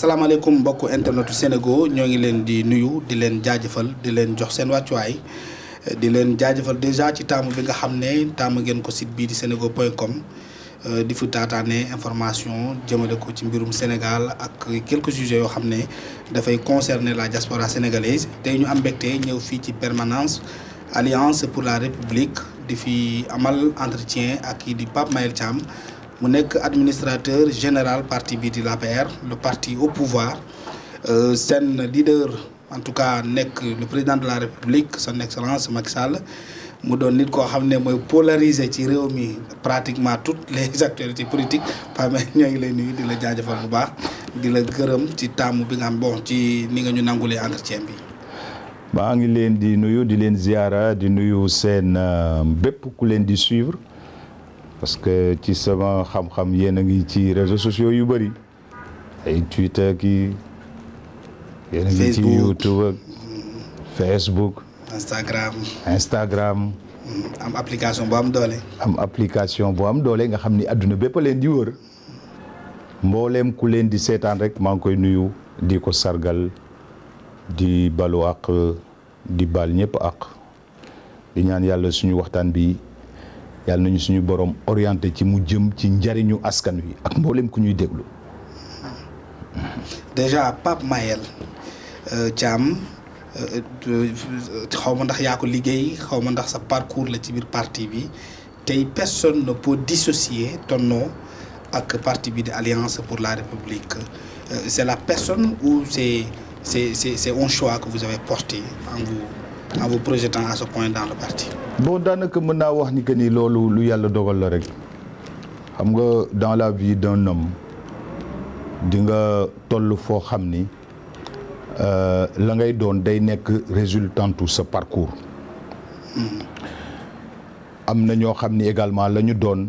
salaamaaleykum mbokku internetu Sénégal ñoo ngi leen di nuyu di leen jaajëfal di leen jox seen wàccuwaay di leen jaajëfal déjà ci taamu bi nga xam ne taamu ngeen ko site bii di senego.com euh, di fi taataane information jëmale ko ci mbirum Sénégal ak quelques sujets yoo xam ne dafay concerner la diaspora sénégalaise tey ñu am mbégte ñëw fii ci permanence Alliance pour la République di fi amal entretien ak kii di Pape Mayel Thiam. mu nekk administrateur général parti bi di l'APR le parti au pouvoir euh, seen leader en tout cas nekk le président de la république son excellence Macky Sall mu doon nit koo xam ne mooy polariser ci réew mi pratiquement toutes les actualités politiques Pamé ñoo ngi lay nuyu di la jaajëfal bu baax di la gërëm ci taamu bi nga am bon ci ni nga ñu nangulee entretien bi. maa ngi leen di nuyu di leen ziara di nuyu seen euh, bépp ku leen di suivre. parce que ci sama xam-xam yéen a ngi ci réseaux sociaux yu bëri ay Twitter ki yéen a ngi ci YouTube Facebook Instagram hmm, am application boo am doole am application boo am doole nga xam ni àdduna bépp leen di wër mbooleem ku leen di seetaan rek maa ngi koy nuyu di ko sargal di balu àq di bal ñëpp àq di ñaan yàlla suñu waxtaan bi yàlla nañu suñu borom orienté ci mu jëm ci njariñu askan wi ak mboolem ku ñuy déglu. déjà Pape Mayel euh, Thiam euh, xaw ma ndax yaa ko liggéey xaw ma ndax sa parcours la ci biir parti bi tey personne ne peut dissocier ton nom ak parti bi de Alliance pour la République euh, c'est la personne ou c'est c'est c'est un choix que vous avez porté en vous. en vous projetant à ce dans le parti. daanaka mën naa wax ni que ni loolu lu yàlla dogal la rek xam nga dans la vie d'un homme di nga toll foo xam ni euh, la ngay doon day nekk résultantu sa parcours. Hmm. am na ñoo xam ni également la ñu doon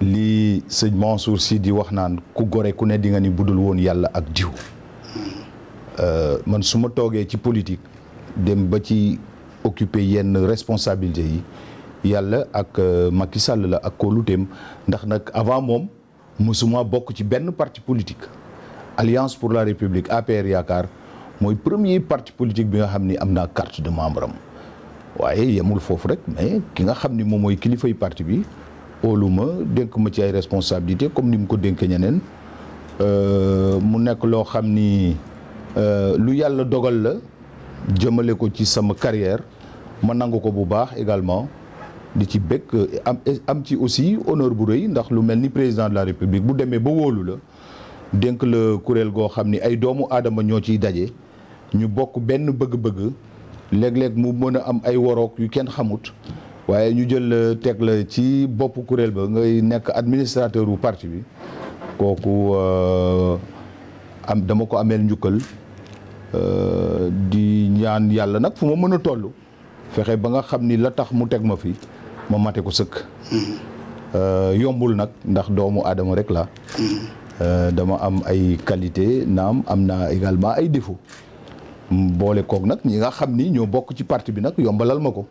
lii sëñ Mansour si di wax naan ku gore ku ne di nga ni budul woon yàlla ak jiw hmm. euh, man su ma toogee ci politique. dem ba ci occuper yenn responsabilité yi yàlla ak euh, Macky Sall la ak kóoluteem ndax nag avant moom musuma bokk ci benn parti politique Alliance pour la République APR yaakaar mooy premier parti politique bi nga xam ni am naa carte de membre am waaye yemul foofu rek mais ki nga xam ni moom mooy kilifay parti bi óolu ma dénk ma ci ay responsabilité comme ni mu ko dénk ñeneen euh, mu nekk loo xam ni euh, lu yàlla dogal la jëmale ko ci sama carrière ma nangu ko bu baax également di ci bëgg am am ci aussi honneur bu rëy ndax lu mel ni président de la république bu demee ba wóolu la dénk la kuréel goo xam ni ay doomu aadama ñoo ciy daje ñu bokk benn bëgg-bëgg léeg-léeg mu mën a am ay woroog yu kenn xamut waaye ñu jël teg la ci bopp kuréel ba ngay nekk administrateur wu partie bi kooku euh, am dama ko ameel njukkal di ñaan yàlla nag fu ma mën a toll fexe ba nga xam ni la tax mu teg ma fi ma mate ko sëkk euh, yombul nag ndax doomu aadama rek la euh, dama am ay qualité naam am naa également ay défaut boole koog nag ñi nga xam ni ñoo bokk ci parti bi nag yombalal ma ko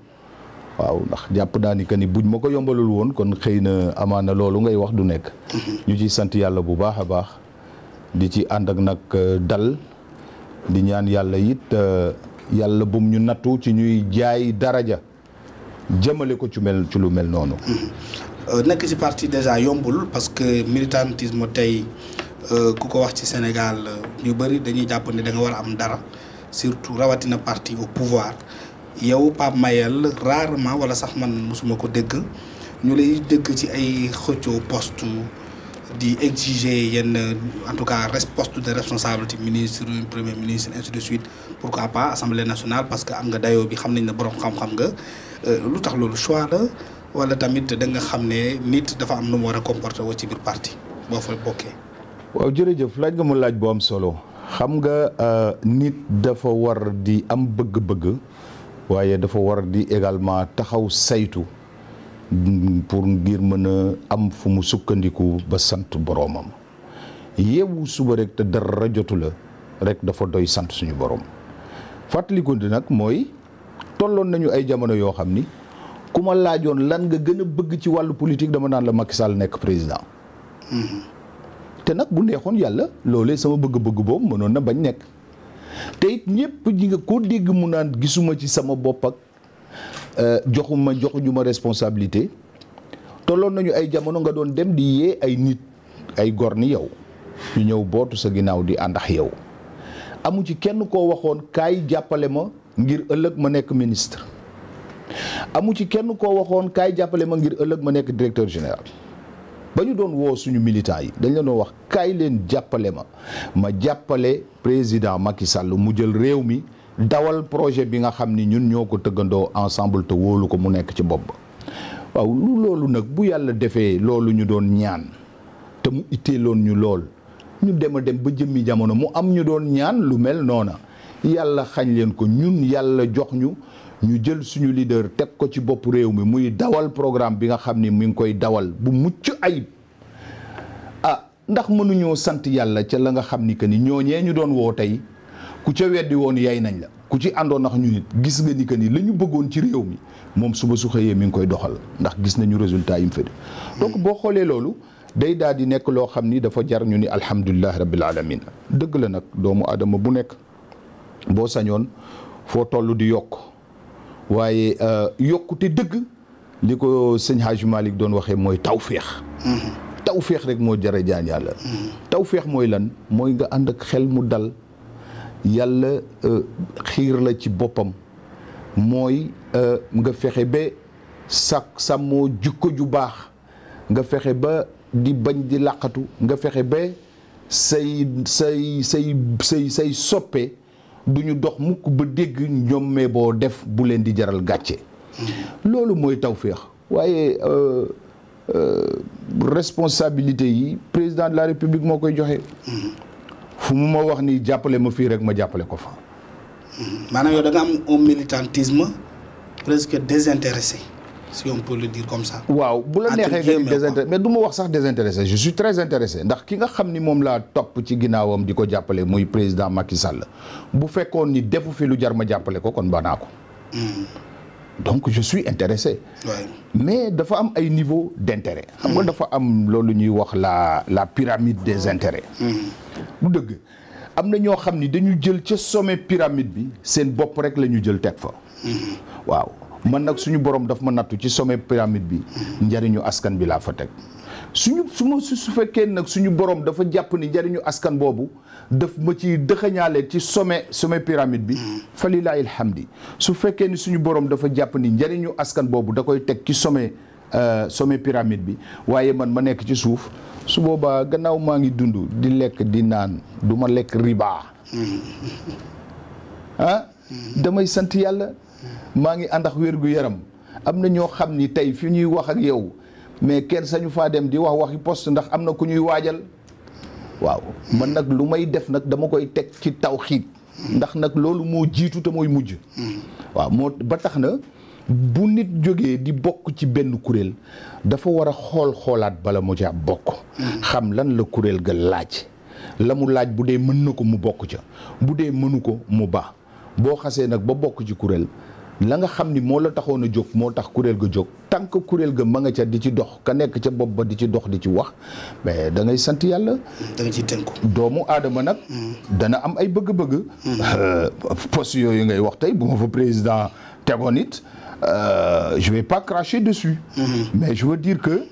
waaw ndax jàpp naa ni que ni buñ ma ko yombalul woon kon xëy na amaana loolu ngay wax du nekk ñu ci sant yàlla bu baax a baax di ci ànd ak nag euh, dal di ñaan yàlla it euh, yàlla bu ñu nattu ci ñuy jaay daraja jëmale ko ci mel ci lu mel noonu. Euh, nekk ci partie déjà yombul parce que militantisme tey euh, ku ko wax ci Sénégal ñu bëri dañuy jàpp ne da nga war a am dara surtout rawatina partie au pouvoir yow Pape Mayel rarement wala sax man mosuma ko dégg ñu lay dégg ci ay xëccoo poste di exiger yenn en tout cas poste de responsabilité ministre premier ministre ainsi de suite pourquoi pas assemblée nationale parce que am nga dayoo bi xam nañ na borom xam-xam nga euh, lu tax loolu choix la wala tamit da nga xam ne nit dafa am nu mu war a comporter woo ci biir parti boo fa bokkee. waaw jërëjëf laaj nga mu laaj bu am solo xam nga euh, nit dafa war di am bëgg-bëgg waaye dafa war di également taxaw saytu. pour ngir mën a am fu mu sukkandiku ba sant boroomam yeewu suba rek te dara jotu la rek dafa doy sant suñu borom fàttaliku nag mooy tolloon nañu ay jamono yoo xam ni ku ma laajoon lan nga gën a bëgg ci wàllu politique dama naan la Macky Sall nekk président. te nag bu neexoon yàlla loolee sama bëgg-bëgg boobu mënoon na bañ nekk te it ñëpp ñi nga koo dégg mu naan gisuma ci sama bopp ak Euh, joxuma joxuñu ma responsabilité tolloon nañu ay jamono nga doon dem di yee ay nit ay gor ni yow ñu ñëw bootu sa ginnaaw di àndax yow amu ci kenn koo waxoon kaay jàppale ma ngir ëllëg ma nekk ministre amu ci kenn koo waxoon kaay jàppale ma ngir ëllëg ma nekk directeur général ba ñu doon woo suñu militants yi dañ leen doon wax kaay leen jàppale ma ma jàppale président Macky Sall mu jël réew mi dawal projet bi nga xam ni ñun ñoo ko tëggandoo ensemble te wóolu ko mu nekk ci bopp waaw lu loolu nag bu yàlla defee loolu ñu doon ñaan te mu itteeloon ñu lool ñu dem a dem ba jëmmi jamono mu am ñu doon ñaan lu mel noona yàlla xañ leen ko ñun yàlla jox ñu ñu jël suñu leader teg ko ci bopp réew mi muy dawal programme bi nga xam ni mi ngi koy dawal bu mucc ayib ah ndax mënuñoo sant yàlla ca la nga xam ni que ni ñooñee ñu doon woo tey ku ca weddi woon yay nañ la ku ci àndoon nax ñu nit gis nga ni que nii la ñu bëggoon ci réew mi moom suba su xëyee mi ngi koy doxal ndax gis nañu résultat yi mu fa donc boo xoolee loolu day daal di nekk loo xam ni dafa jar ñu ni alhamdulilah rabbil alamin dëgg la nag doomu aadama bu nekk boo sañoon foo toll di yokk waaye euh, yokkute dëgg li ko sëñ Hadj Malick doon waxee mooy tawféex. Mm-hmm. tawféex rek moo jare a jaan yàlla. Mm-hmm. tawféex mooy lan mooy nga ànd ak xel mu dal. yàlla euh, xiir la ci boppam mooy euh, nga fexe ba sa sàmmoo jukko ju baax nga fexe ba di bañ di làqatu nga fexe ba say say say say say soppe du ñu dox mukk ba dégg ñommee boo def bu leen di jaral gàcce loolu mooy tawféex waaye euh, responsabilité yi président de la république moo koy joxe fu mu ma wax nii jàppale ma fii rek ma jàppale ko fa. Hmm. maanaam yow da nga am un militantisme presque désintéressé si on peut le dire comme waaw bu la neexee désintéressé mais du ma wax sax désintéressé je ndax ki nga xam ni moom laa topp ci ginnaawam di ko jàppale muy président Macky Sall bu fekkoon ni defu fi lu jar ma jàppale ko kon ba ko. Hmm. donc je suis intéressé mais dafa am ay niveau d'intérêt xam nga hmm. dafa am loolu ñuy wax la la pyramide des intérêts bu hmm. dëgg am na ñoo xam ni dañu jël ca sommet pyramide bi seen bopp rek la ñu jël teg fa hmm. waaw man nag suñu borom dafa ma nattu ci sommet pyramide bi njariñu askan bi laa fa teg suñu su ma su fekkee nag suñu borom dafa jàpp ni njariñu askan boobu daf ma ci dëxañaale ci some sommet pyramide bi mm. fa lilahi alhamdi su fekkee ni suñu borom dafa jàpp ni njariñu askan boobu da koy teg ci sommet euh, sommet pyramide bi waaye man ma nekk ci suuf su boobaa gannaaw maa ngi dund di lekk di naan du ma lekk riba mm. ah mm. damay sant yàlla maa ngi ànd ak wér gu yaram am na ñoo xam ni tey fi ñuy wax ak yow mais kenn sañu faa dem di wax waxi poste ndax am na ku ñuy waajal waaw man nag lu may def nag dama koy teg ci tawxiid ndax nag loolu moo jiitu te mooy mujj waaw moo ba tax na bu nit jógee di bokk ci benn kuréel dafa war a xool xoolaat bala mu ca bokk xam lan la kuréel ga laaj la mu laaj bu dee mën na ko mu bokk ca bu dee mënu ko mu baax boo xasee nag ba bokk ci kuréel la nga xam ni moo la taxoon a jóg moo tax kuréel ga jóg tant que kuréel ga ma nga ca di ci dox ka nekk ca bopp ba di ci dox di ci wax mais da ngay sant yàlla. da ciy tënku. doomu aadama nag. Mm. dana am ay bëgg-bëgg. Mm. Euh, poste yooyu ngay wax tey bu ma fa président tegoon it euh, je vais pas cracher dessus. Mm-hmm. mais je veux dire que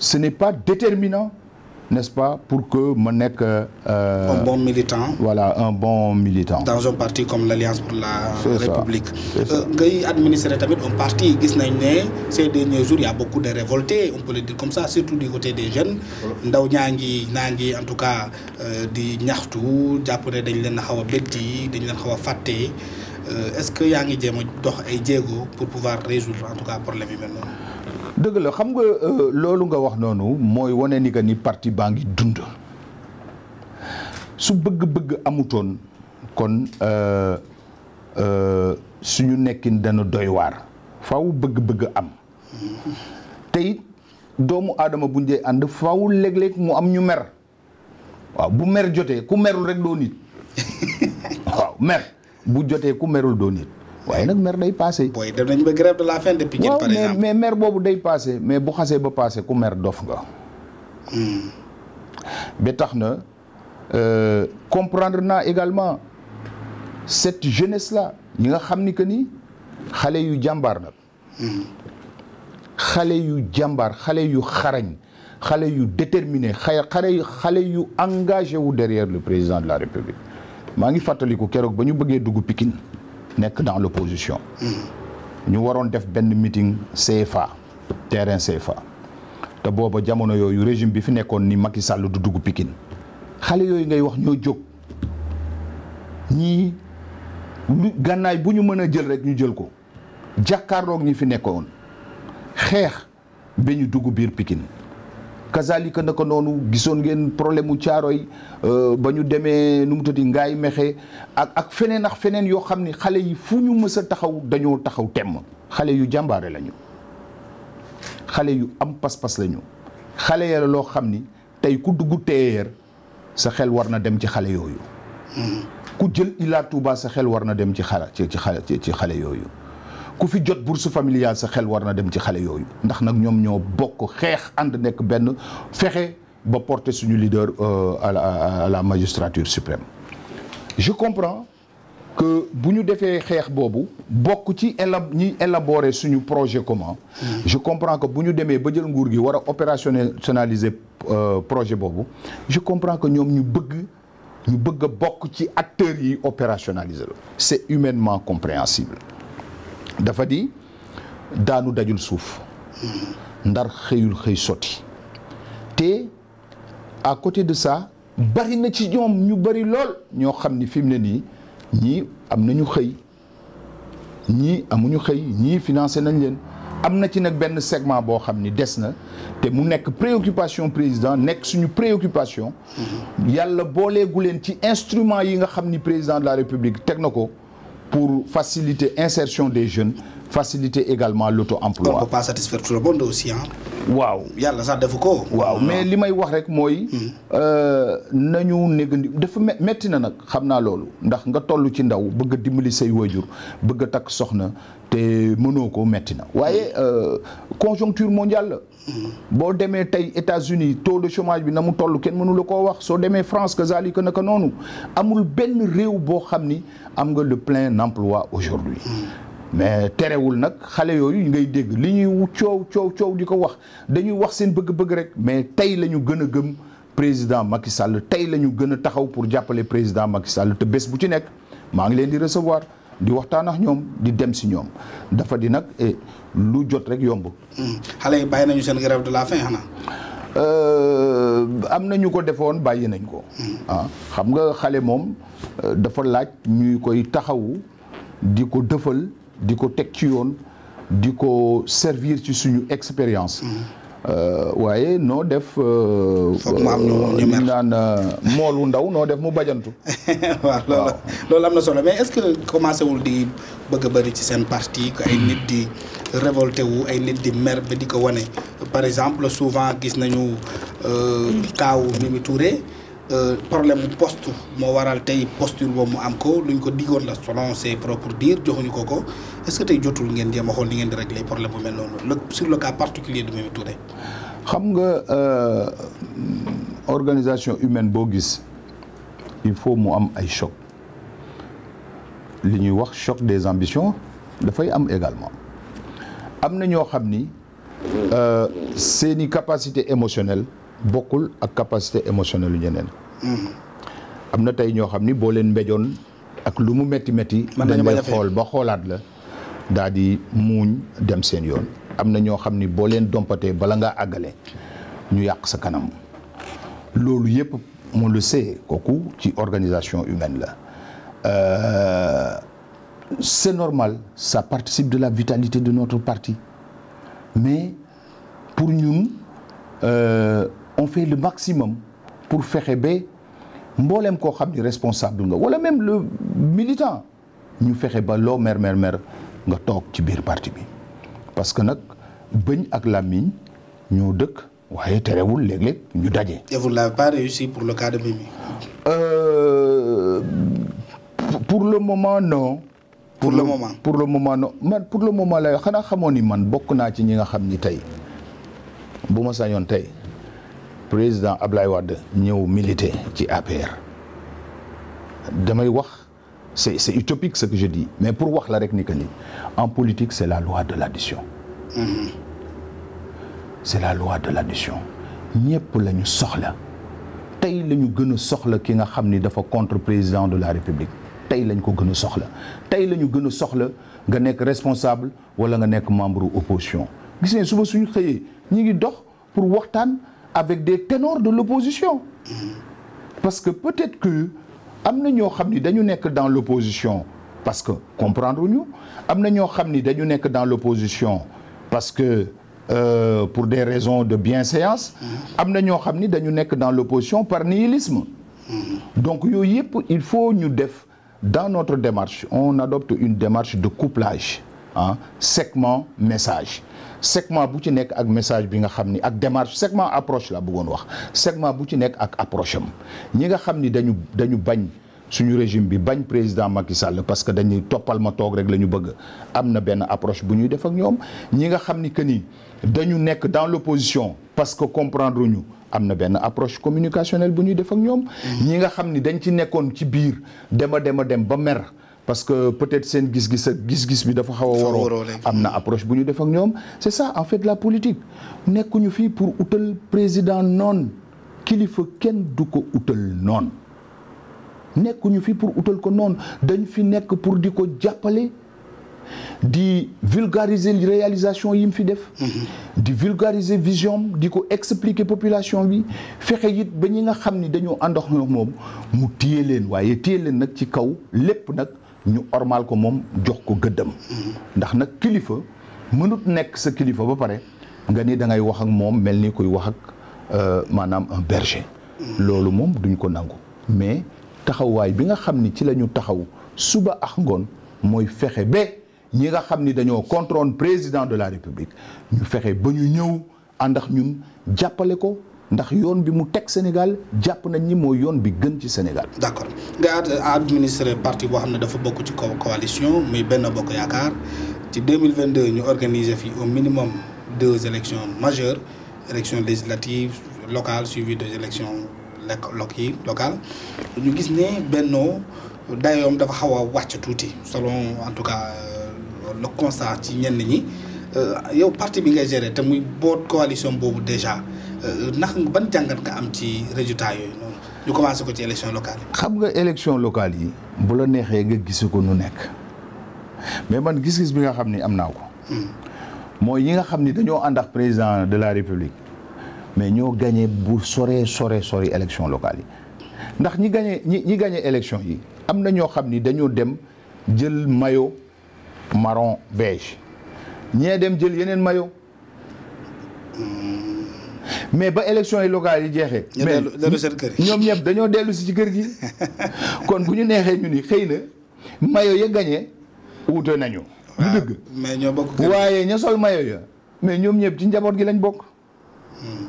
ce n'est pas déterminant. n'est-ce pour que ma nekk. Euh, un bon militant. un bon militant. dans un parti comme l'Alliance pour la. République euh, ngay euh, administrer tamit un parti gis nañ ne ces derniers jours y a beaucoup de révoltés on peut comme ça surtout du côté des jeunes. ndaw ñaa ngi naa ngi en tout cas euh, di ñaxtu jàpp ne dañ leen a xaw a beddi dañ leen xaw a fàtte euh, est-ce que yaa ngi jéem a dox ay jéego pour pouvoir résoudre en tout cas problème yi mel noonu. dëgg la xam nga euh, loolu nga wax noonu mooy wane ni que ni parti baa ngi dund su bëgg-bëgg amutoon kon euh, euh, suñu nekkin dana doy waar faaw bëgg-bëgg am tey doomu aadama bu njee ànd faaw léeg-léeg mu am ñu mer waaw bu mer jotee ku merul rek doo nit waaw mer bu jotee ku merul doo nit waaye nag mer day passé. booy dem nañ ba grève la faim de mais mais mer boobu day passé mais bu xasee ba passé ku mer dof nga. Hmm. ba tax na euh, comprendre naa également cette jeunesse là ñi nga xam ni que ni xale yu jàmbaar nag. Hmm. xale yu jàmbaar xale yu xarañ xale yu déterminé xay xare xale yu engage wu derrière le président de la république maa ngi fàttaliku keroog ba ñu bëggee dugg Pikine. nekk dans position ñu waroon def benn mitin meeting CFA terrain CFA te booba jamono yooyu régime bi fi nekkoon ni Macky Sall du dugg Pikine xale yooyu ngay wax ñoo jóg ñii lu gànnaay bu ñu mën a jël rek ñu jël ko jàkkaarloog ñi fi nekkoon xeex ba ñu dugg biir Pikine kazalika naka noonu gisoon ngeen problème mu caaroy euh, ba ñu demee nu mu tëddi ngaay mexe ak ak feneen ak feneen yoo xam ni xale yi fu ñu mës a taxaw dañoo taxaw temm xale yu jàmbaare lañu xale yu am pas-pas lañu xale ya loo xam ni tey ku dugg teer sa xel war na dem ci xale yooyu hmm. ku jël Ila Touba sa xel war na dem ci xala ci ci xale yooyu ku fi jot bourse familiale sa xel war na dem ci xale yooyu ndax nag ñoom ñoo bokk xeex ànd nekk benn fexe ba porter suñu leader euh, à la la magistrature suprême je comprends que bu ñu defee xeex boobu bokk ci éla ñiy élaborer suñu projet comment mm. je comprends que bu ñu demee ba jël nguur gi war a opérationnaliser euh, projet boobu je comprends que ñoom ñu bëgg ñu bëgg bokk ci acteurs yi opérationnaliser la c'est humainement compréhensible dafa di daanu dajul suuf ndar xëyul xëy sotti te à côté de ça bari na ci ñoom ñu bari lool ñoo xam ni fi mu ne nii ñii am nañu xëy ñii amuñu xëy ñii financé nañ leen am na ci nag benn segment boo xam ni des na te mu nekk préoccupation président nekk suñu préoccupation mm-hmm. yàlla booleegu leen ci instrument yi nga xam ni président de la république teg na ko pour faciliter insertion des jeunes faciliter également l'auto-emploi. on peut pas satisfaire tout waaw yàlla sax defu ko. waaw mais li may wax rek mooy. Hmm. Euh, nañu négandi dafa metti na nag xam naa loolu ndax nga tollu ci ndaw bëgg a dimbali say waajur bëgg a takk soxna te mënoo ko metti na waaye hmm. euh, conjoncture mondiale la. Hmm. boo demee tey États-Unis taux de chômage bi na mu toll kenn mënula la koo wax soo demee France que zalika naka noonu amul benn réew boo xam ni am nga le plein emploi aujourd'hui mais terewul nag xale yooyu ngay dégg li ñuy coow coow coow di ko wax dañuy wax seen bëgg-bëgg rek mais tey la ñu gën a gëm président Macky Sall tey la ñu gën a taxaw pour jàppale président Macky Sall te bés bu ci nekk maa ngi leen di recevoir di waxtaan ak ñoom di dem si ñoom dafa di nag eh, lu jot rek yomb. Hmm. xale yi bàyyi nañu seen grève de la faim xanaa. Euh, am na ñu ko defoon bàyyi nañ ko. Mm. ah xam nga xale moom euh, dafa laaj ñuy koy taxawu di ko dëfal di ko teg ci yoon di ko servir ci suñu expérience. Mm. Euh, waaye noo def. Euh, foog mu am ñu ñu naan euh, moolu ndaw noo def mu bajantu. waaw loolu am na solo mais est-ce que commencé wul di bëgg a bëri ci seen parti que ay nit di révolté wu ay nit di mer ba di ko wane par exemple souvent gis nañu kaaw Mimi Touré. Euh, problème mu poste moo waral tey posture boobu mu am ko lu luñ ko digoon la selon ses propres dires joxuñu ko ko est-ce que tey jotul ngeen jéem a xool ni ngeen di régler problème bu mel noonu sur le cas particulier de Mimi Touré. xam nga euh, organisation humaine boo gis il faut mu am ay choc li ñuy wax choc des ambitions dafay am également am na ñoo xam ni euh, seeni capacité émotionnelle. bokkul ak capacité émotionnelle lu ñeneen. Mm-hmm. am na tey ñoo xam ni boo leen mbéjoon ak lu mu métti métti. mën nañu xool ba xoolaat la daal di muuñ dem seen yoon. am na ñoo xam ni boo leen dompatee bala ngaa àggale ñu yàq sa kanam loolu yëpp on le sait kooku ci organisation humaine la euh, c'est normal sa participe de la vitalité de notre parti mais pour ñun. Euh, on fait le maximum pour fexe ba mbooleem koo xam ni responsable nga wala même le militant ñu fexe ba loo mer mer nga toog ci biir partie bi parce que nag bëñ ak làmmiñ ñu dëkk waaye terewul léeg-léeg ñu daje. et vous pour le cas de Mimi. Euh, pour le moment non. pour le moment pour le moment pour le moment la xanaa xamoon ni man bokk naa ci ñi nga xam ni tey bu ma sañoon tey. président Ablaye Wade ñëw militer ci APR damay wax c'est c'est utopique ce que je dis mais pour wax la rek ni que ni en politique c'est la loi de l'addition mmh. c'est la loi de l'addition ñëpp la ñu soxla tey la ñu gën soxla ki nga xam ni dafa contre président de la République tey lañ ko gën a soxla tey la ñu gën a soxla nga nekk responsable wala nga nekk membre opposition gis ne suba suñu xëyee ñi ngi dox pour waxtaan avec des ténors de l'opposition parce que peut-être que am na ñoo xam ni dañu nekk dans l'opposition parce que comprendre ñu am na ñoo xam ni dañu nekk dans l'opposition parce que euh, pour des raisons de bienséance am na ñoo xam ni dañu nekk dans l'opposition par nihilisme donc yooyu yëpp il faut ñu def dans notre démarche on adopte une démarche de couplage ah segment message segment bu ci nekk ak message bi nga xam ni ak démarche segment approche la bëggoon wax segment bu ci nekk ak approche ñi nga xam ni dañu dañu bañ suñu régime bi bañ président Macky Sall parce que dañuy toppal ma toog rek la ñu bëgg am na benn approche bu ñuy def ak ñoom ñi nga xam ni que ni dañu nekk dans l'opposition parce que comprendre ñu am na benn approche communicationnelle bu ñuy def ak ñoom. ñi nga xam ni dañ ci nekkoon ci biir dema dema dem ba mer. parce que peut-être seen gis-gis ak gis-gis bi dafa xaw a waroo am na approche bu ñu def ak ñoom c'est ça en fait la politique nekkuñu fii pour utal président noon kilifa kenn du ko utal noon nekkuñu fi pour utal ko noon dañ fi nekk pour di ko jàppale di vulgariser réalisation yi mu fi def mhm. di vulgariser vision di ko expliquer population bi fexe it ba ñi nga xam ni dañoo àndox moom mu téye leen waaye téye leen nag ci kaw lépp nag ñu ormal ko moom jox ko gëddam ndax nag kilifa mënut nekk sa kilifa ba pare nga ni da ngay wax ak moom mel ni kuy wax ak euh, maanaam un berger loolu moom duñ ko nangu mais taxawaay bi nga xam ni ci la ñu taxaw suba ak ngoon mooy fexe ba ñi nga xam ni dañoo contrôle président de la république ñu fexe ba ñu ñëw ànd ak ñun jàppale ko ndax yoon bi mu teg Sénégal jàpp nañ ni mooy yoon bi gën ci Sénégal. d' accord nga administré parti boo xam ne dafa bokk ci coalition muy benn bokk yaakaar ci 2022 ñu organiser fi au minimum deux élections majeures élection législative locale suivie des élections lok yi locale ñu gis ne bennoo dayoom dafa xaw a wàcc tuuti selon en tout cas euh, le constat ci ñenn ñi euh, yow parti bi ngay gérer te muy boot coalition boobu déjà. Euh, ndax ban jàngat nga am ci résultat yooyu ñu commencé ko ci élection locale yi. xam nga élection locale yi. bu la neexee nga gis ko nu nekk mais man gis-gis bi nga xam ni am naa ko. Hmm. mooy ñi nga xam ni dañoo ànd ak président de la république mais ñoo gagné bu soree sore sori élection locale yi ndax ñi gagné ñi ñi gagné élection yi am na ñoo xam ni dañoo dem jël mayo maron beige ñee dem jël yeneen mayo mais ba élection yi locales yi jeexee. mais ñoom ñëpp dañoo dellu si ci kër gi. kon bu ñu neexee ñu ni xëy na mayo ya gañe wute nañu. dëgg mais ñoo bokk waaye ña sol mayo ya mais ñoom ñëpp ci njaboot gi lañ bokk. Hmm.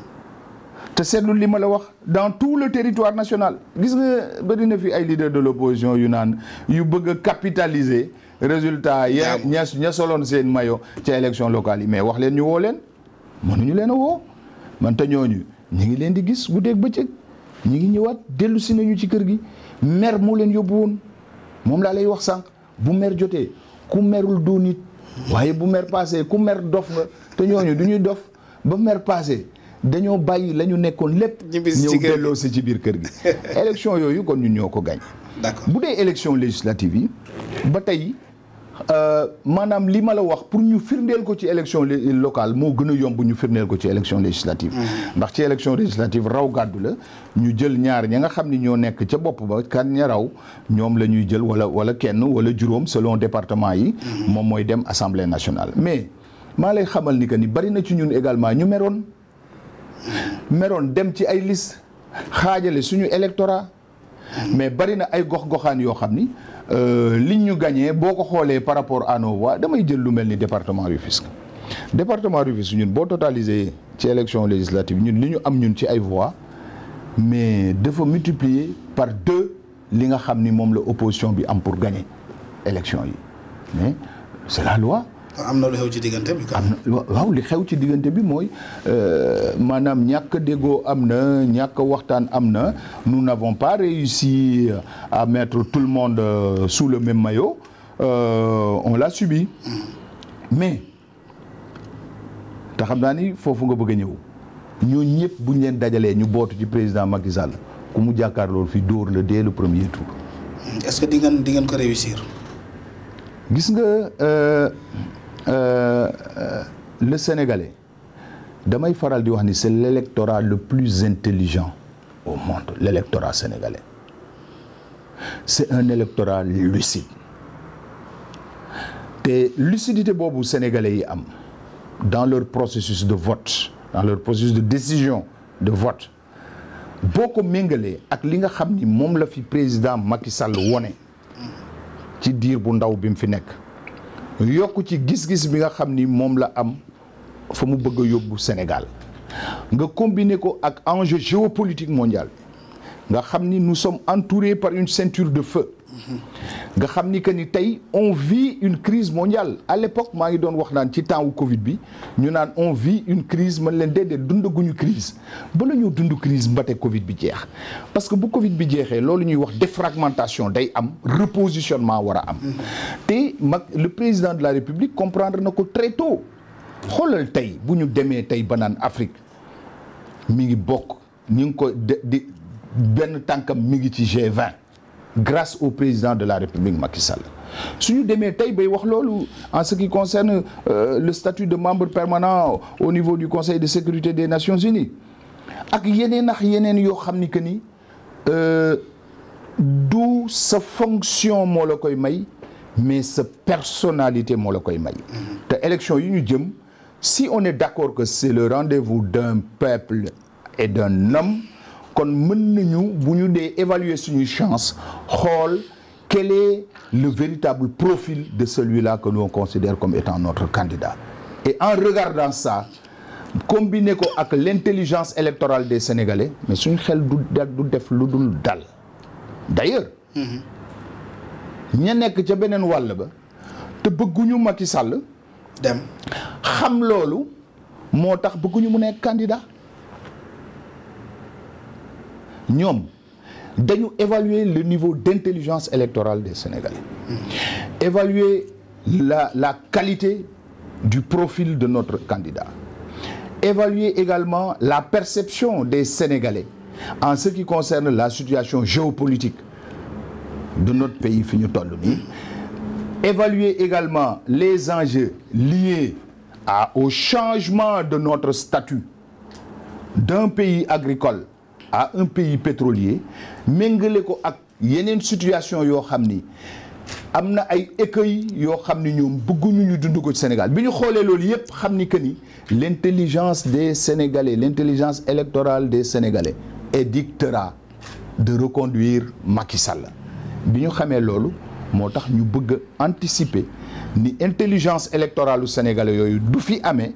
te seetlu li ma la wax dans tout le territoire national gis nga bëri na fi ay leaders de l'opposition yu naan yu bëgg a capitaliser résultat ya ña ña soloon seen mayo ca élection locale yi mais wax leen ñu woo leen mënuñu leen a woo. man te ñooñu ñu ngi leen di gis guddeeg bëccëg ñu ngi ñëwaat dellu si nañu ci kër gi mer moo leen yóbbu woon moom laa lay wax sànq bu mer jotee ku merul doo nit waaye bu mer passé ku mer dof nga te ñooñu du ñuy dof ba mer passé dañoo bàyyi la ñu nekkoon lépp. ñëw delloo si ci biir kër gi. élection yooyu kon ñun ñoo ko gañ. d'accord bu dee élection législative yi ba tey. Euh, maanaam li ma la wax pour ñu firndeel ko ci élection locale moo gën a yomb ñu firndeel ko ci élection législative mm-hmm. ndax ci élection législative raw gàddu la ñu jël ñaar ña nga xam ni ñoo nekk ca bopp ba kan ña raw ñoom la ñuy jël wala wala kenn wala juróom selon département yi mm-hmm. moom mooy dem assemblée nationale mais maa lay xamal ni que ni bari ci ñun également ñu meroon meroon dem ci ay liste xaajale suñu électorat mm-hmm. mais bari na ay gox-goxaan yoo xam ni Euh, liñ ñu gagné boo ko xoolee par rapport à nos voix damay jël lu mel ni département Rufisque département Rufisque ñun boo totalisé ci élection législative ñun li ñu am ñun ci ay voix mais dafa multiplier par deux li nga xam ni moom la opposition bi am pour gagner élection yi c'est la loi am na lu xew ci diggante bi. am na waaw li xew ci diggante bi mooy euh, maanaam ñàkk déggoo am na ñàkk waxtaan am na nous n'avons pas réussi à mettre tout le monde euh, sous le même maillot euh, on l'a subi mais te xam naa ni foofu nga bëgg a ñëw ñooñu ñëpp buñ leen dajalee ñu bootu ci président Macky Sall ku mu jàkkaarloo fi dóor la dès le premier tour. est-ce que di ngeen di ngeen ko réussir. gis nga. Euh, Euh, euh, le Sénégalais damay faral di wax ni c'est l'électorat le plus intelligent au monde l'électorat sénégalais c'est un électorat lucide te lucidité boobu sénégalais yi am dans leur processus de vote dans leur processus de décision de vote boo ko méngalee ak li nga xam ni moom la fi président Macky Sall wone ci diir bu ndaw bi mu fi nekk yokk ci gis-gis bi nga xam ni moom la am fa mu bëgg a yóbbu Sénégal nga combiner ko ak enjeu géopolitique mondial nga xam ni nous sommes entourés par une ceinture de feu nga xam ni que ni tey on vit une crise mondiale à l'époque maa ngi doon wax naan ci temps wu Covid bi ñu naan on une crise man leen déedéet dundaguñu crise ba la ñu dund crise mbate Covid bi jeex parce que bu Covid bi jeexee loolu ñuy wax défragmentation day am repositionnement war a am te mag le président de la République comprendre na ko très tôt xoolal tey bu ñu demee tey ba naan Afrique mi ngi bokk ñu ngi ko de di benn tànkam mi ngi ci g grace au président de la République Macky Sall suñu demee tey bay wax loolu en ce qui concerne euh, le statut de membre permanent au niveau du Conseil de sécurité des Nations Unies ak yeneen ak yeneen yoo xam ni que ni euh, du sa fonction moo la koy may mais sa personnalité moo la koy may te élection yi ñu jëm si on est d'accord que c'est le rendez-vous d'un peuple et d'un homme kon mën nañu bu ñu dee évaluer suñuy chance xool quel est le véritable profil de celui-là que nous on considère comme étant notre candidat et en regardant ça combiné ko ak l'intelligence électorale des Sénégalais mais suñu xel du du def lu dul dal d'ailleurs ña nekk ca beneen wàll ba te bëgguñu mati Sall dem xam loolu moo tax bëgguñu mu nekk candidat ñoom dañu évaluer le niveau d'intelligence électorale des Sénégalais évaluer la la qualité du profil de notre candidat évaluer également la perception des Sénégalais en ce qui concerne la situation géopolitique de notre pays fi ñu toll nii évaluer également les enjeux liés à au changement de notre statut d'un pays agricole à un pays pétrolier méngale ko ak yeneen situation yoo xam ni am na ay écueils yoo xam ni ñoom bëgguñu ñu dund ko ci Sénégal bi ñu xoolee loolu yëpp xam ni que ni l' intelligence des Sénégalais l' intelligence électorale des Sénégalais édictera de reconduire Macky Sall bi ñu xamee loolu moo tax ñu bëgg anticiper ni intelligence électorale u Sénégalais yooyu du fi amee.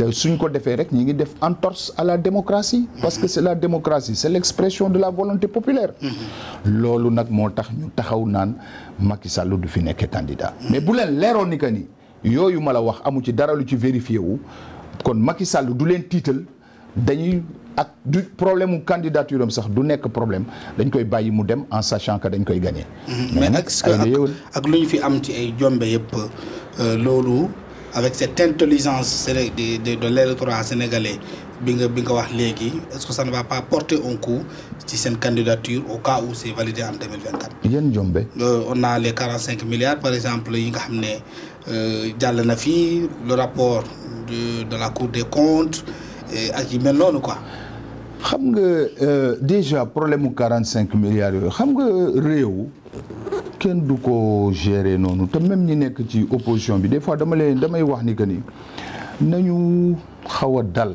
te suñ ko defee rek ñi ngi def en entorse à la démocratie parce que c'est la démocratie c'est l'expression de la volonté populaire loolu nag moo tax ñu taxaw naan Macky Sall du fi nekkee candidat mais bu leen leeroon ni que ni yooyu ma la wax amu ci dara lu ci vérifié wu kon Macky Sall du leen tiital dañuy ak du problème mu candidature am sax du nekk problème dañ koy bàyyi mu dem en sachant que dañ koy gagner mm-hmm. mais nag ak lu ñu fi am ci ay jombe yëpp euh, loolu avec cette intelligence de, de, de l'électorat sénégalais, est-ce que ça ne va pas porter un coup si c'est une candidature au cas où c'est validé en 2024 euh, On a les 45 milliards, par exemple, ne euh, jàll na euh, le rapport de, la Cour des comptes, et à qui maintenant quoi xam nga euh, déjà problème mu 45 milliards yooyu xam nga réew kenn du ko gérer noonu te même ñi nekk ci opposition bi des fois dama leen damay wax ni que ni nañu xaw a dal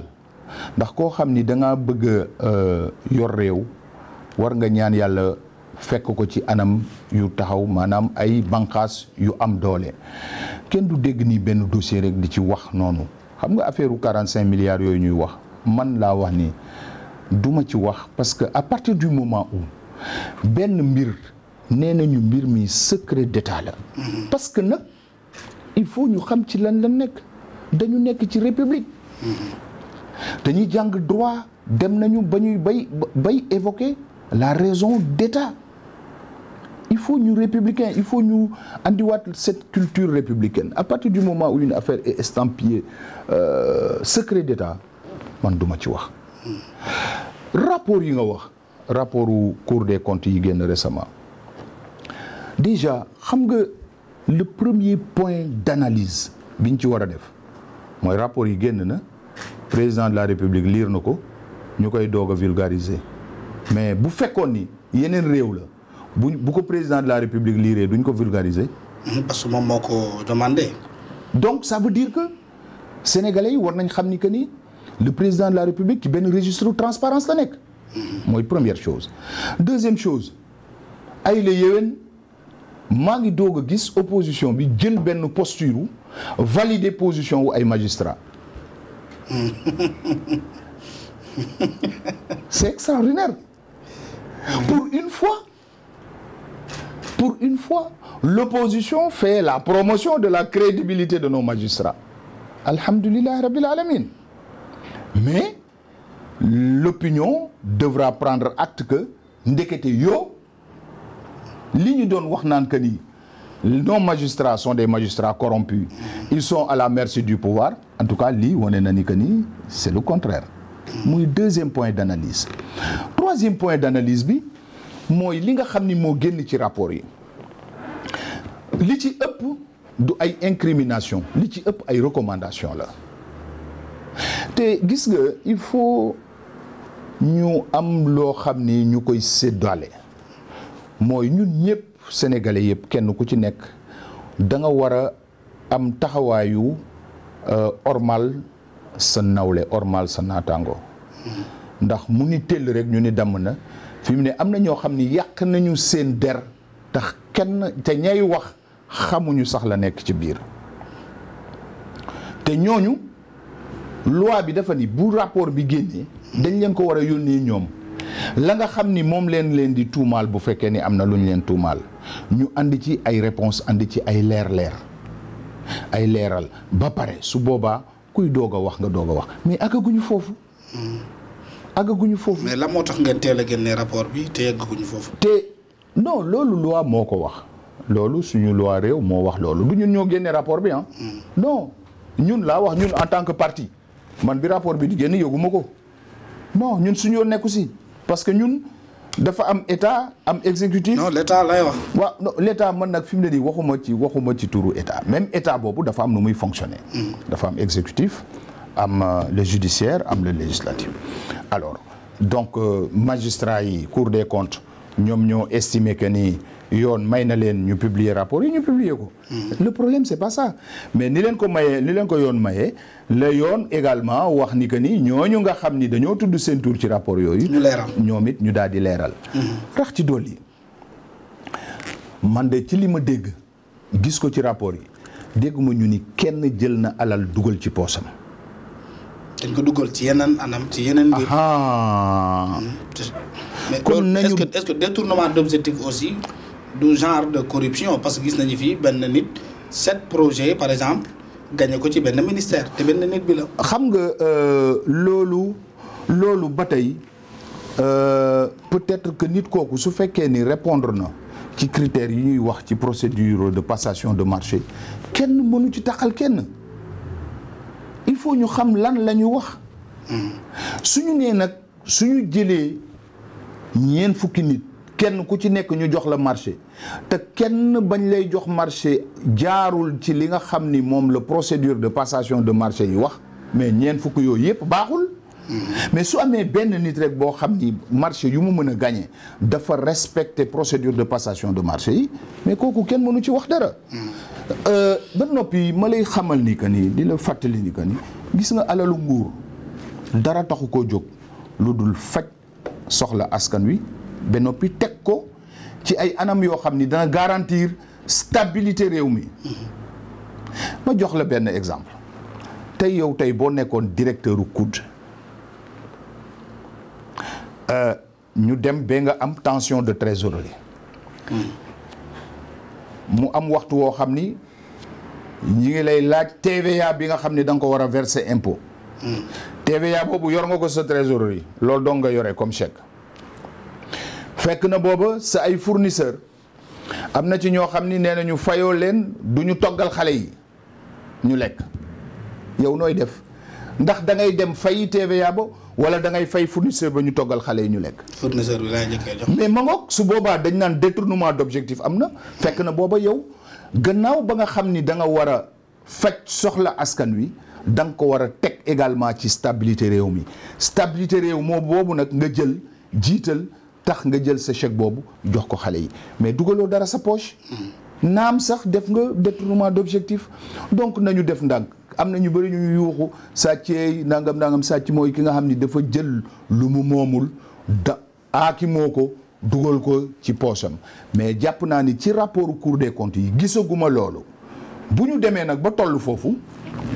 ndax koo xam ni da ngaa bëgg a euh, yor réew war nga ñaan yàlla fekk ko ci anam yu taxaw maanaam ay bànqaas yu am doole kenn du dégg ni benn dossier rek di ci wax noonu xam nga affaire u 45 milliards yooyu ñuy wax man laa wax ni duma ci wax parce que à partir du moment où benn mbir. nee nañu mbir mi secret d'état la mm-hmm. parce que nag il faut ñu xam ci lan la nekk dañu nekk ci république mm-hmm. dañuy jàng droit dem nañu ba ñuy bay bay évoquer la raison d'état il faut ñu républicain il faut ñu andiwaat cette culture républicaine à partir du moment où une affaire est estampillée euh, secret d'état man duma ci wax mm-hmm. rapport yi nga wax rapportu Cour de comptes yi génn récemment déjà xam nga le premier point d'analyse bi ñu ci war a def mooy rapport i génn na président de la république liir na ko ñu koy doog a vulgariser mais bu fekkoon ni yeneen réew la bu bu ko président de la république lire duñ ko vulgariser. Mmh, parce que moom moo ko demandé. donc ça veut dire que sénégalais yi war nañ xam ni que ni le président de la république ci benn registre transparence la nekk. Mmh. mooy première chose. deuxième chose ay la yéwén maa ngi doog a gis opposition bi jël benn posture valider position wu ay magistrat c'est extraordinaire pour une fois pour une fois l'opposition fait la promotion de la crédibilité de nos magistrats alhamdulillahi rabbil alamin mais l'opinion devra prendre acte que ndekete yoo li ñu doon wax naan que ni nos magistrats sont des magistrats corrompus ils sont à la merci du pouvoir en tout cas lii wane na ni que ni c'est le contraire muy deuxième point d'analyse troisième point d'analyse bi mooy li nga xam ni moo génn ci rapport yi li ci ëpp du ay incrimination li ci ëpp ay recommandation la te gis nga il faut ñu am loo xam ni ñu koy séddale mooy ñun ñëpp sénégalais yëpp kenn ku ci nekk danga nga war a am taxawaayu euh, ormal sa nawle ormal sa naataangoo ndax mu ni tell rek ñu ni damm na fi mu ne am na ñoo xam ni yàq nañu seen der tax kenn te ñay wax xamuñu sax la nekk ci biir te ñooñu loi bi dafa ni bu rapport bi génnee dañ leen ko war a yónnee ñoom la nga xam ni moom leen leen di tuumaal bu fekkee ni am na lu ñu leen tuumaal ñu andi ci ay réponse andi ci ay leer-leer ay leeral ba pare su boobaa kuy doog a wax nga doog wax mais aggaguñu foofu. àggaguñu foofu. mais la moo tax nga teel a génne rapport bi te yeggaguñu foofu. te non loolu moo ko wax loolu suñu loi réew moo wax loolu du ñun ñoo génne rapport bi ah. Mm. non ñun laa wax ñun en tant que parti man bi rapport bi di génn yëguma ko suñu yoon nekku si. parce que ñun dafa am état am exécutif. non l' état lay wax. waaw non man nag fi mu ne di waxuma ci waxuma ci turu état même état boobu dafa am nu muy fonctionner. Mm. dafa am exécutif am euh, le judiciaire am le législatif. alors donc euh, magistrat yi cour des comptes ñoom ñoo estimé que nii yoon may na leen ñu publier rapport yi ñu publier ko. Hmm. le problème c'est pas ça mais ni leen ko mayee ni leen ko yoon maye la yoon également wax ni que ni ñooñu nga xam ni dañoo tudd seen ci rapport yooyu. ñu leeral ñoom it ñu daal di leeral. Hmm. rax ci dolli man de ci li ma dégg gis ko ci rapport yi dégg ma ñu ni kenn jël na alal dugal ci poosam. dañ ko dugal ci yeneen anam ci yeneen. mbir hmm. kon nañu est-ce que détournement aussi. du genre de corruption parce que gis nañu fii benn nit sept projets par exemple gagné ko ci benn ministère te benn nit bi la. xam nga euh, loolu loolu ba tey euh, peut-être que nit kooku su fekkee ni répondre na ci critère yi ñuy wax ci procédure de passation de marché kenn mënu ci taxal kenn il faut ñu xam lan la ñu wax. suñu nee nag suñu jëlee ñeent fukki nit kenn ku ci nekk ñu jox la marché te kenn bañ lay jox marché jaarul ci li nga xam ni moom la procédure de passation de marché yi wax mais ñeent fukk yooyu yëpp baaxul. mais su amee benn nit rek boo xam ni marché yu mu mën a gagné dafa respecter procédure de passation de marché yi mais kooku kenn mënu ci wax dara. Euh, ba noppi ma lay xamal ni que nii di la fàttali ni que ni gis nga alalu nguur dara taxu koo jóg lu dul faj soxla askan wi ba noppi teg ko. ci ay anam yoo xam ni dana garantir stabilité réew mi ma jox la benn exemple tey yow tey boo nekkoon directeur u COUD euh, ñu dem ba nga am tension de trésorerie mu am waxtu woo xam ni ñi ngi lay laaj TVA bi nga xam ni da nga ko war a verser impôt mm. TVA boobu yor nga ko sa trésorerie loolu dong nga yore comme chèque fekk na booba sa ay fournisseur am na ci ñoo xam ni nee nañu fayoo leen du ñu toggal xale yi ñu lekk yow nooy def ndax da ngay dem fay TVA ba wala da ngay fay fournisseur ba ñu toggal xale yi ñu lekk. fournisseur bi laa njëkkee jox. mais su boobaa dañ naan détournement d'objectif am na fekk na booba yow gannaaw ba nga xam ni da nga war a faj soxla askan wi da ko war a teg également ci stabilité réew mi stabilité réew moo boobu nag nga jël jiital. tax nga jël sa check boobu jox ko xale yi mais dugaloo dara sa poche. naam sax def nga détournement d'objectif donc nañu def ndànk am na ñu bëri ñu yuuxu sàccee nangam nangam sàcc mooy ki nga xam ni dafa jël lu mu moomul da aaki moo ko dugal ko ci poosam mais jàpp naa ni ci rapport Cour des comptes yi gisaguma loolu bu ñu demee nag ba toll foofu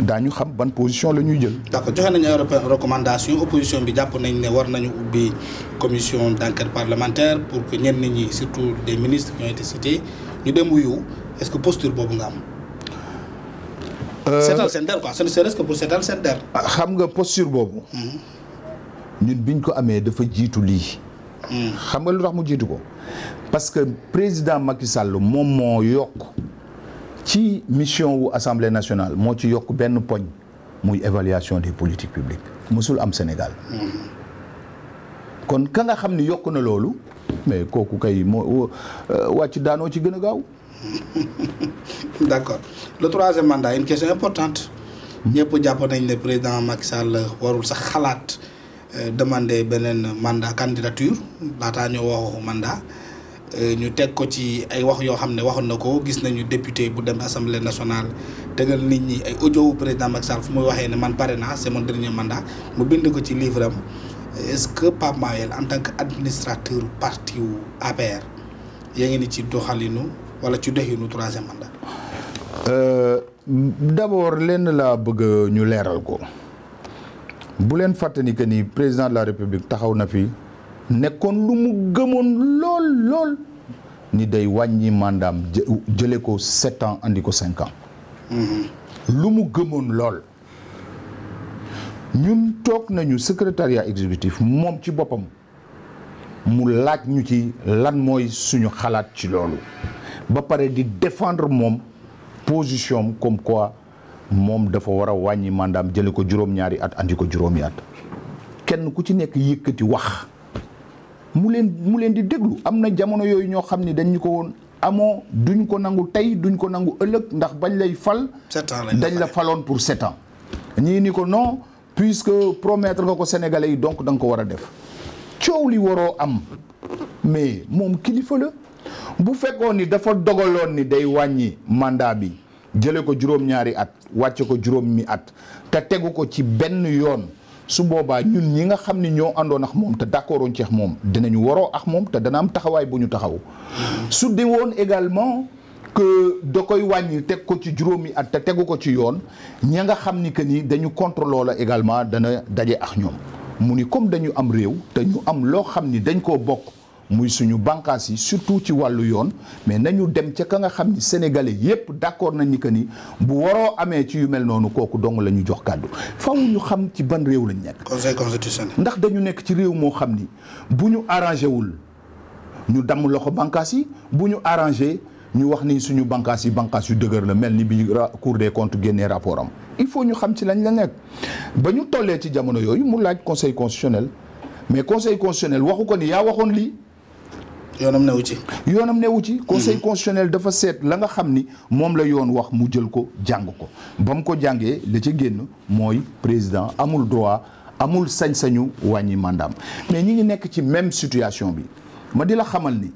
daañu xam ban position la ñuy jël. d'accord joxe nañu ay recommandation opposition bi jàpp nañ ne war nañu ubbi commission d'enquête parlementaire pour que ñenn ñi surtout des ministres qui ont été ñu dem wuyu est-ce que posture boobu nga am. Euh, seetal seen der quoi ce ne serait ah, xam nga posture boobu. Hmm. ñun biñ ko amee dafa jiitu lii. Hmm. xam nga lu tax mu jiitu ko parce que président Macky Sall moom moo yokk. ci mission wu assemblée nationale moo ci yokk benn poñ muy évaluation des politiques publiques musul am Sénégal kon ka nga xam ni yokk na loolu mais kooku kay moo euh, wàcc daanoo ci gën a gaaw d'accord le troisième mandat une question importante ñëpp jàpp nañ ne président Macky Sall warul sax xalaat euh, demander beneen mandat candidature laataa ñoo waxu mandat Euh, ñu teg ko ci ay wax yoo xam ne waxoon na ko gis nañu député bu dem assemblée nationale tegal nit ñi ay audio président Macky Sall fu muy waxee ne man pare naa c'est mon dernier mandat mu bind ko ci livre am est-ce que Pape Mael en tant que administrateur parti wu APR yaa ngi ni ci doxalinu wala ci doxinu troisième mandat. Euh, d'abord lenn laa bëgg ñu leeral ko bu leen fàttali que ni président de la république taxaw na fi. nekkoon lu mu gëmoon lool lool ni day wàññi mandaam jële ko sept ans andi ko cinq ans mm-hmm. lu mu gëmoon lool ñun toog nañu secrétariat exécutif moom ci boppam mu laaj ñu ci lan mooy suñu xalaat ci loolu ba pare di defendre moom position comme quoi moom dafa war a wàññi mandaam jële ko juróom-ñaari at andi ko juróomi at kenn ku ci nekk yëkkati wax mu leen mu leen di déglu am na jamono yooyu ñoo xam ne dañ ko woon amoo duñ ko nangu tey duñ ko nangu ëllëg ndax bañ lay fal. dañ la faloon pour sept ans. ni ko non puisque promettre nga ko sénégalais yi donc da nga ko war a def coow li waroo am mais moom kilifa la bu fekkoon ni dafa dogaloon ni day wàññi mandat bi jële ko juróom-ñaari at wàcce ko juróom mi at te tegu ko ci benn yoon. su boobaa ñun ñi nga xam ni ñoo àndoon ak moom te d'accordoon ci ak moom dinañu waroo ak moom te dana am taxawaay bu ñu taxaw su di woon également que da koy wàññi teg ko ci juróomi at te tegu ko ci yoon ña nga xam ni que nii dañu contre loola également dana daje ak ñoom mu ni comme dañu am réew te ñu am loo xam ni dañ koo bokk muy suñu bànqaas yi surtout ci wàllu yoon mais nañu dem ca ka nga xam ni sénégalais yépp d'accord nañ ni que ni bu waroo amee ci yu mel noonu kooku dong la ñu jox kàddu faw ñu xam ci ban réew lañ nekk. conseil constitutionnel. ndax dañu nekk ci réew moo xam ni bu ñu arrangé wul ñu damm loxo bànqaas yi bu ñu arrangé ñu wax ni suñu bànqaas yi bànqaas yu dëgër la mel ni bi Cour des comptes génnee rapport am il faut ñu xam ci lañ la nekk ba ñu tollee ci jamono yooyu mu laaj conseil constitutionnel yoonam newu ci. yoonam newu ci. conseil mhm. constitutionnel dafa seet la nga xam ni moom la yoon wax mu jël ko jàng ko ba mu ko jàngee la ci génn mooy président amul droit amul sañ-sañu wàññi mandaam mais ñi ngi nekk ci même situation bi ma di la xamal ni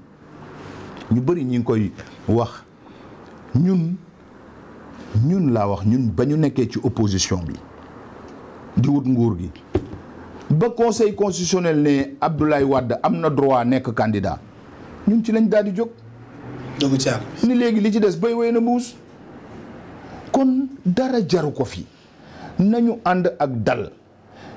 ñu bëri ñu ngi koy wax ñun ñun laa wax ñun ba ñu nekkee ci opposition bi di wut nguur gi. ba conseil constitutionnel ne Abdoulaye Wade am na droit nekk candidat ñun ci lañ daal di jóg. dugg ci ni léegi li ci des bay wéy na mbuus. kon dara jaru ko fi nañu ànd ak dal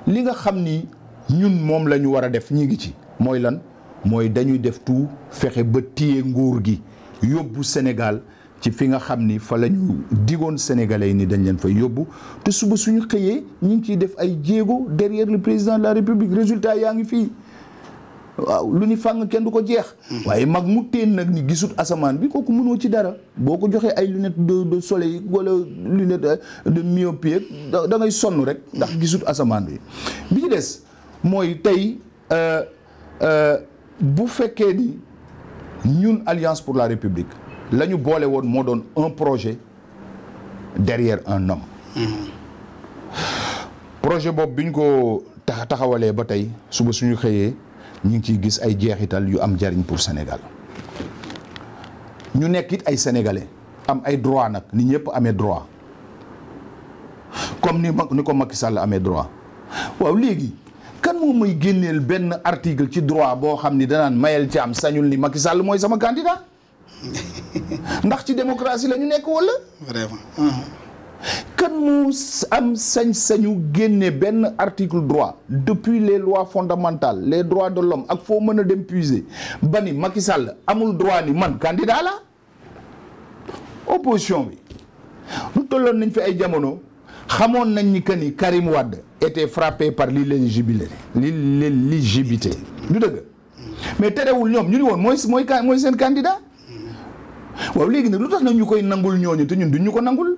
li nga xam ni ñun moom la ñu war a def ñi ngi ci mooy lan mooy dañuy def tout fexe ba téye nguur gi yóbbu Sénégal ci fi nga xam ni fa la ñu digoon sénégalais ni dañ leen fay yóbbu te suba suñu xëyee ñu ngi ciy def ay jéego derrière le président de la république résultat yaa ngi fii waaw lu ni fàng kenn du ko jeex. Hmm. waaye mag mu teen nag ni gisut asamaan bi kooku mënoo ci dara boo ko joxee ay lunettes de de soleil wala lunette euh, de myopie da da ngay sonn rek ndax gisut asamaan bi bi ci des mooy tey euh, euh, bu fekkee ni ñun alliance pour la république la ñu boole woon moo doon un projet derrière un homme. Hmm. projet boobu bi ñu ko taxawalee ba tey suba suñu xëyee. ñu ngi ciy gis ay jeexital yu am jariñ pour Sénégal ñu nekk it ay sénégalais am ay droit nag ni ñëpp amee droit comme ni ni ko Macky sàll amee droit waaw léegi kan moom may génneel benn article ci droit boo xam ni danaan mayel ci am sañul ni Macky sàll mooy sama candidat ndax ci démocratie la ñu nekk wala. vraiment. Uh-huh. kan mu am sañ-sañu génne benn article droit depuis les lois fondamentales les droits de l'homme ak foo mën a dem puiser ba ni Macky amul droit ni man candidat la opposition bi lu tolloon nañ fi ay jamono xamoon nañ ni que ni Karim Wade était frappé par l'illégibilité l'éligibilité du dëgg mais terewul ñoom ñu ni woon mooy mooy mooy seen candidat waaw léegi nag lu tax na ñu koy nangul ñooñu te ñun duñ ñu ko nangul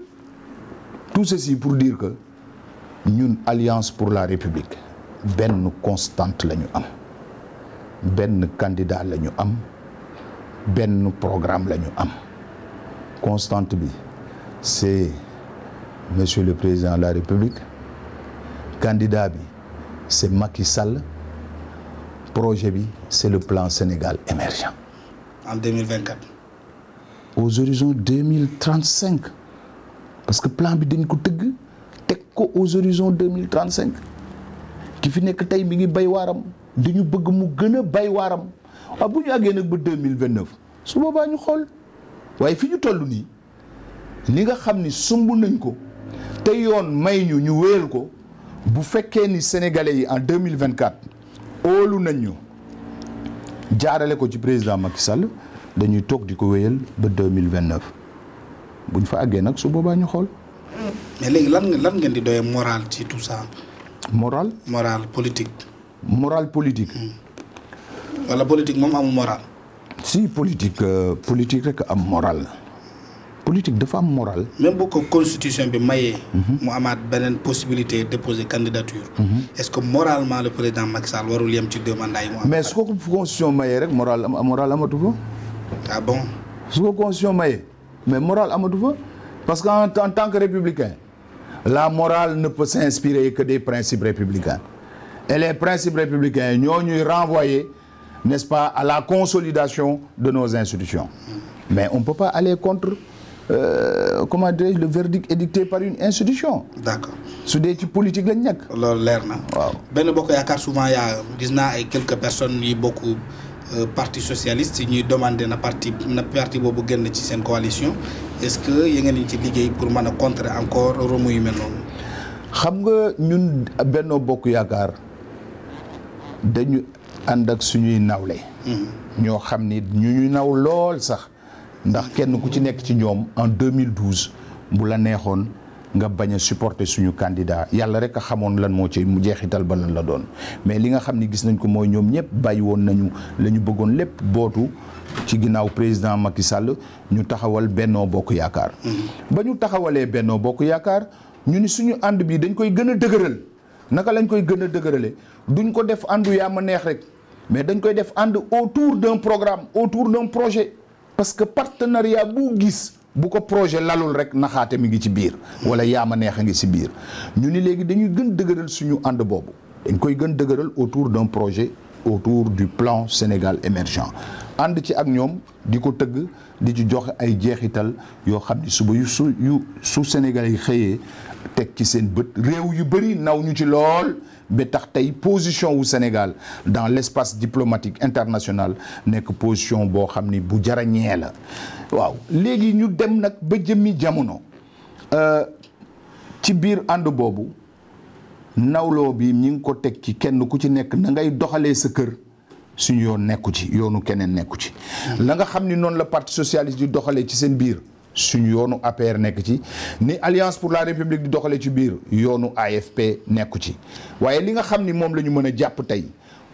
tout ceci pour dire que ñun alliance pour la république benn constante la ñu am benn candidat la ñu am benn programme la ñu am constante bi c'est monsieur le président de la république candidat bi c'est Macky Sall projet bi c'est le plan Sénégal émergent en 2024 aux horizons parce que plan bi dañ ko tëgg teg ko aux horizons deux mille trente cinq ki fi nekk tey mi ngi bay waaram dañu bëgg mu gën a bay waaram waaw bu ñu àggee nag ba deux mille vingt neuf su boobaa ñu xool waaye fi ñu toll nii li nga xam ni sumb nañ ko te yoon may ñu ñu wéyal ko bu fekkee ni sénégalais yi en deux mille vingt quatre óolu nañ ñu jaarale ko ci président Macky Sall dañuy toog di ko wéyal ba deux mille vingt neuf buñ fa àggee nag su boobaa ñu xool. mais léegi lan lan ngeen di doyee moral ci tout ça. moral. moral politique. moral politique. Hmm. wala politique moom amul moral. si politique euh, politique rek am moral. politique dafa am moral. mais bu ko constitution bi mayee. Mhm. mu amaat beneen possibilité déposer candidature. Mhm. est-ce que moralement le président Macky Sall warul yem ci deux mandats yi mu am. mais su ko constitution mayee rek moral am moral amatu ko. ah bon. su ko constitution mayee. mais morale amatu fa parce que en tant que républicain la morale ne peut s'inspirer que des principes républicains et les principes républicains ñoo ñuy renvoyer n'est-ce pas à la consolidation de nos institutions mais on ne peut pas aller contre Euh, comment dirais le verdict est dicté par une institution. d'accord su dee ci politique lañ nekk. loolu leer na. waaw benn bokk yaakaar souvent yaa gis naa ay quelques personnes yi bokk. Euh, parti socialiste ñuy demandé na parti na parti boobu génn ci seen coalition est-ce que yéen a ngi ci liggéey pour mën a contrer encore remous yu mel noonu. xam nga ñun Benno Bokk Yaakaar dañu ànd ak suñuy nawle. Mm-hmm. ñoo xam ni ñu ñu naw lool sax ndax kenn ku ci nekk ci ñoom en 2012 bu la neexoon. nga bañ a supporter suñu kandidaa yàlla rek a xamoon lan moo ci mu jeexital ba lan la doon mais li nga xam ni gis nañ ko mooy ñoom ñëpp bàyyi woon nañu la ñu bëggoon lépp bootu ci ginnaaw président Macky Sall ñu taxawal Benno Bokk Yaakaar. Mm-hmm. ba ñu taxawalee Benno Bokk Yaakaar ñu ni suñu ànd bii dañ koy gën a dëgëral naka lañ koy gën a dëgërale duñ ko def àndu yaa ma neex rek mais dañ koy def ànd autour d'un programme autour d'un projet parce que partenariat bu gis. bu ko projet lalul rek naxaate mi ngi ci biir wala yaama neex a ngi si biir ñu ni léegi dañuy gën dëgëral suñu ànd boobu dañ koy gën dëgëral autour d'un projet autour du plan Sénégal émergent ànd ci ak ñoom di ko tëgg di ci joxe ay jeexital yoo xam ni suba su yu su Sénégal yi xëyee teg ci seen bët réew yu bëri naw ñu ci lool ba tax tey position wu Sénégal dans l'espace diplomatique international nekk position boo xam ni bu jarañee la waaw léegi ñu dem nag ba jëmmi jamono euh, ci biir ànd boobu nawloo bii ñi ngi ko teg ci kenn ku ci nekk na ngay doxalee sa kër suñu yoon nekku ci yoonu keneen nekku ci hmm. la nga xam ni noonu la parti socialiste di doxalee ci seen biir suñu yoonu APR nekk ci ni alliance pour la république di doxale ci biir yoonu AFP nekku ci waaye li nga xam ni moom la ñu mën a jàpp tey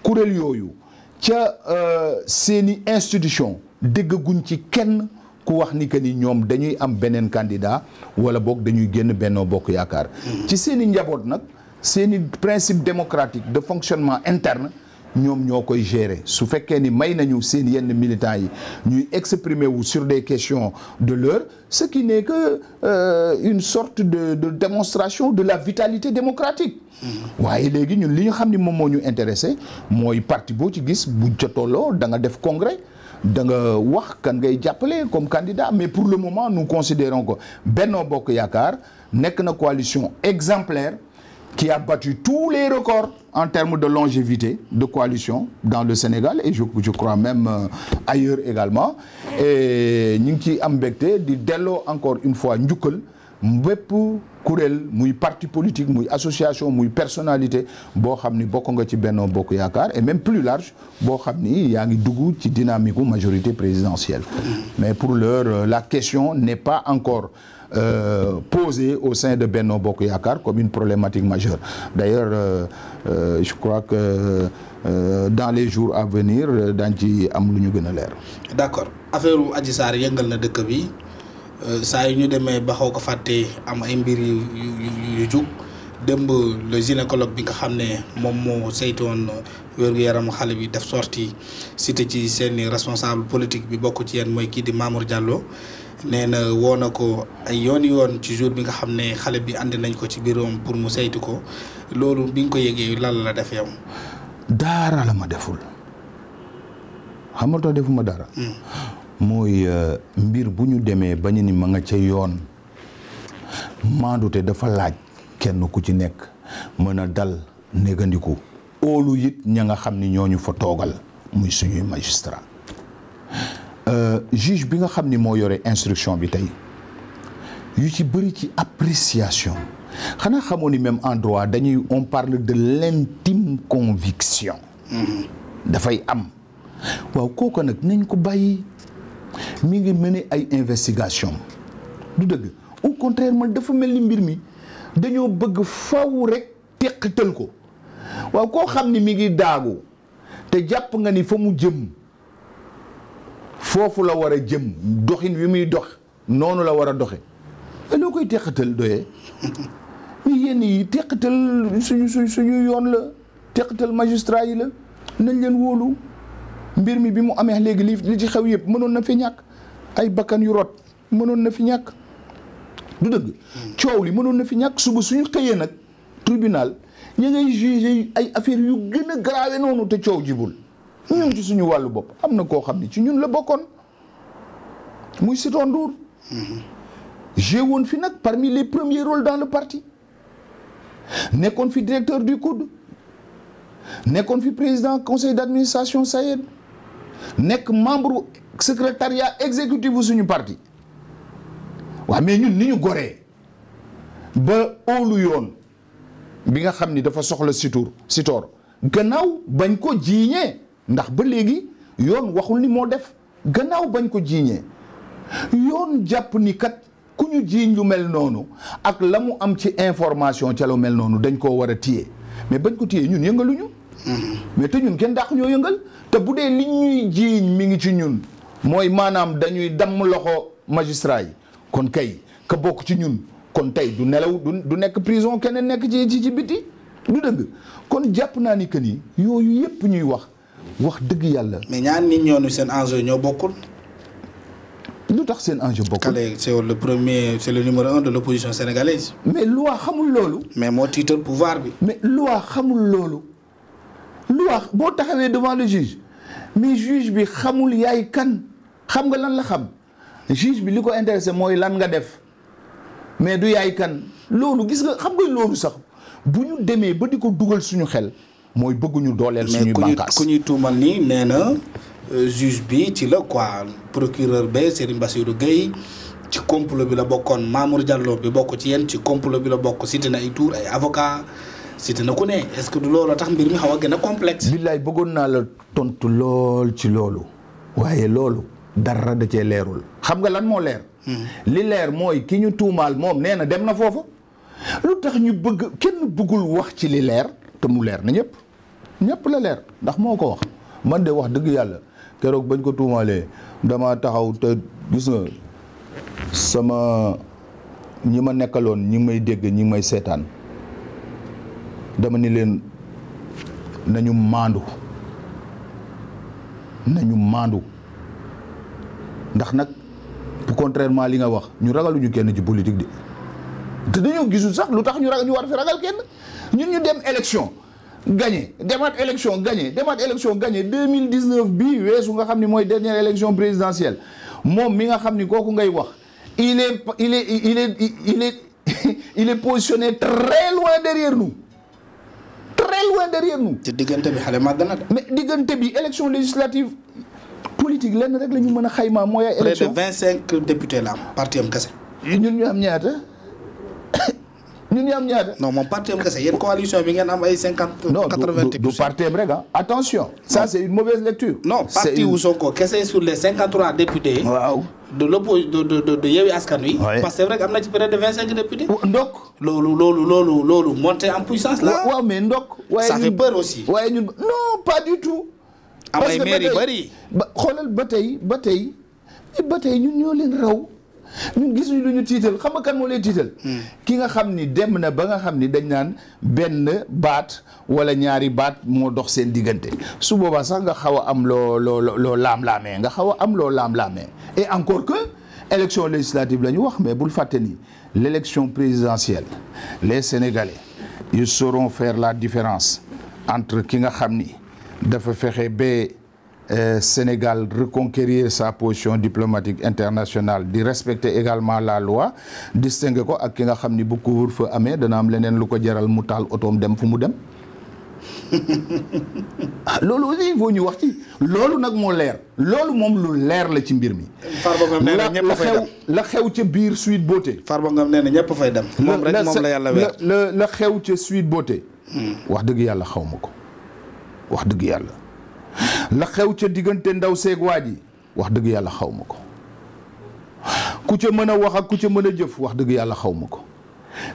kuréel yooyu ca euh, seeni institution déggaguñ ci kenn ku wax ni que ni ñoom dañuy am beneen candidat wala boog dañuy génn Benno Bokk Yaakaar mm. ci seeni njaboot nag seeni principe démocratique de fonctionnement interne ñoom ñoo koy gérer su fekkee ni may nañu seen yenn militants yi ñuy exprimer wu sur des questions de l'heure ce qui n'est que euh, une sorte de de démonstration de la vitalité démocratique mm-hmm. waaye léegi ñun li ñu xam ni moom moo ñu intéressé mooy parti boo ci gis bu ca tolloo da nga def congrès da nga wax kan ngay jàppale comme candidat mais pour le moment nous considérons ko Benno Bokk Yaakaar nekk na coalition exemplaire qui a battu tous les records en termes de longévité de coalition dans le Sénégal et je, je crois même euh, ailleurs également et ñu ngi ciy am mbégte di delloo encore une fois njukkal bépp kuréel muy parti politique muy association muy personnalité boo xam ni bokk nga ci Benno Bokk Yaakaar et même plus large boo xam ni yaa ngi dugg ci dynamique majorité présidentielle mais pour l'heure euh, la question n'est pas encore euh, posée au sein de Benno Bokk Yaakaar comme une problématique majeure d'ailleurs euh, euh, je crois que euh, dans les jours à venir daañ ci am lu ñu gën a leer d'accord affaire u Adji yëngal na dëkk bi euh, saa yu ñu demee ba xaw ko fàtte am ay mbir yu yu jug démb le gynécologue bi nga xam ne moom moo saytoon wér-gu-yaram xale bi def sorti cité ci seen responsable politique bi bokk ci yenn mooy kii di Mamour Diallo nee na woo na ko ay yoon yoon ci jour bi nga xam ne xale bi ànd nañ ko ci biiroom pour mu saytu ko loolu bi nga ko yëgee lan la defee yow. daara ma deful xam nga defuma dara. Hmm. mooy euh, mbir bu ñu demee ba ñu ni ma nga ca yoon maandute dafa laaj kenn ku ci nekk mën a dal négandiku óolu it ña nga xam ni ñoo ñu fa toogal muy suñuy magistrat Euh, juge bi nga xam ni moo yore instruction bi tey yu ci bëri ci appréciation xanaa xamoo ni même en droit dañuy on parle de l'intime conviction mm-hmm. dafay am waaw kooku nag nañ ko bàyyi mi ngi mené ay investigation du dëgg au contraire dafa mel ni mbir mi dañoo bëgg faw rek teqatal ko waaw koo xam ni mi ngi daagu te jàpp nga ni fa mu jëm foofu la war a jëm doxin wi muy dox noonu la war a doxe loo eh, koy teqatal doyee yenn yi teqatal suñu suñ suñu yoon la teqatal magistrat yi la nañ leen wóolu mbir mi bi mu amee léegi li li ci xew yëpp mënoon na fi ñàkk ay bakkan yu rot mënoon na fi ñàkk du dëgg coow li mënoon na fi ñàkk suba suñu xëyee nag tribunal ñu ngay jugé ay affaire yu gën a noonu te coow jibul ñun hmm, ci suñu wàllu bopp am na koo xam ne ci ñun la bokkoon muy Sitor Ndour joué woon fi nag parmi les premiers rôles dans le parti nekkoon fi directeur du COUD nekkoon fi président conseil d'administration SAED nekk membre secrétariat exécutif bu suñu parti waaw mais ñun ni ñu goree ba óolu yoon bi nga xam ni dafa soxla Sitor Sitor gannaaw bañ ko jiiñee ndax ba léegi yoon waxul ni moo def gannaaw bañ ko jiiñee yoon jàpp ni kat ku ñu jiiñ lu mel noonu ak la mu am ci information ca lu mel noonu dañ koo war a téye mais bañ ko téye ñun yëngaluñu. Mm-hmm. mais te ñun kenn dàq ñoo yëngal te bu dee li ñuy jiiñ mi ngi ci ñun mooy maanaam dañuy damm loxo magistrat yi kon kay ka bokk ci ñun kon tey du nelaw du nekk prison keneen nekk ci ci ci biti du dëgg kon jàpp naa ni que nii yooyu yëpp ñuy wax wax dëgg yàlla. mais ñaar nit ñoonu seen enjeu ñoo bokkul. lu tax seen enjeu bokkul. Kale c'est le premier c'est le numéro un de l'opposition sénégalaise. lu waa xamul loolu. mais moo tiital pouvoir bi. mais loi xamul loolu. loi boo taxawee devant le juge mais juge bi xamul yaay kan xam nga lan la xam juge bi li ko intéressé mooy lan nga def mais du yaay kan loolu gis nga xam nga loolu sax bu ñu demee ba di ko dugal suñu xel. mooy bëgguñu dooleel suñuy bànqaas ku ñuy tuumal nii nee na euh, juge bi ci la quoi procureur bi Serigne Bassirou Gueye ci complot bi la bokkoon Mamour Diallo bi bokk ci yenn ci complot bi la bokk cité na ay tour ay avocat cité na ku ne est-ce que du loolu tax mbir mi xaw a gën a complexe. billaay bëggoon naa la tontu lool ci loolu waaye loolu dara da cee leerul xam nga lan moo leer. Hmm. li leer mooy ki ñu tuumaal moom nee na dem na foofu lu tax ñu bëgg kenn bëggul wax ci li leer te mu leer na ñëpp. ñëpp la leer ndax moo ko wax man de wax dëgg yàlla keroog bañ ko tuumaalee dama taxaw te gis sama ñi ma nekkaloon ñi may dégg ñi may seetaan dama ni leen nañu maandu nañu maandu ndax nag contrairement li nga wax ñu ragaluñu kenn ci politique de te dañoo gisul sax lu tax ñu ragal ñu war fi ragal kenn ñun ñu dem élection gagné demaat élection gagné demaat élection gagné 2019 bii wu nga xam ni mooy dernière élection présidentielle moom mi nga xam ni kooku ngay wax il est il est il est il est il est très loin derrière nous très loin derrière nous. te diggante bi xale màgg na de. mais diggante bi élection législative politique lenn rek lañu mën a xaymaa mooy. ay élection près de vingt cinq députés la am parti am kese. ñun ñu am ñaata. ñun ñu am ñaata. moom parti am kese yéen coalition bi ngeen am ay cinquante. quatre-vingt du parti am rek ah. attention. ça une mauvaise lecture. non parti wu Sonko kese sur les cinquante de l'oppo de de de de parce que c'est vrai am na ci près de vingt cinq députés. Oh, ndok loolu loolu loolu loolu monté en puissance la. waaw mais ndok. waaye ça fait peur aussi. waaye ñun non pas du tout. parce que ba tey ba xoolal ba tey ba tey ñun ñoo leen ñun gisuñu lu ñu tiital xam nga kan moo lay tiital. Hmm. ki nga xam ni dem na ba nga xam ni dañ naan benn baat wala ñaari baat moo dox seen diggante su boobaa sax nga xaw a am loo loo loo laam-laamee nga xaw a am loo laam-laamee et encore que élection législative la ñu wax mais bul fàtte ni l' élection présidentielle les sénégalais ils sauront faire la différence entre ki nga xam ni dafa fexe ba. Et euh, Sénégal reconquérir sa position diplomatique internationale di respecter également la loi distingue ko ak ki nga xam ni bu couvre-feu amee dana am leneen lu ko jaral mu taal otoom dem fu mu dem ah, loolu ñu wax ci loolu nag moo leer loolu moom lu leer la ci mbir mi la xew la xew ca biir Sweet Beauté Farba Ngom nee ñëpp fay dem moom rek la yàlla weer xew ca Sweet Beauté hmm. wax dëgg yàlla xaw ma ko wax dëgg yàlla la xew ca diggante ndaw seek waa ji wax dëgg yàlla xaw ma ko ku ca mën a wax ak ku ca mën a jëf wax dëgg yàlla xaw ma ko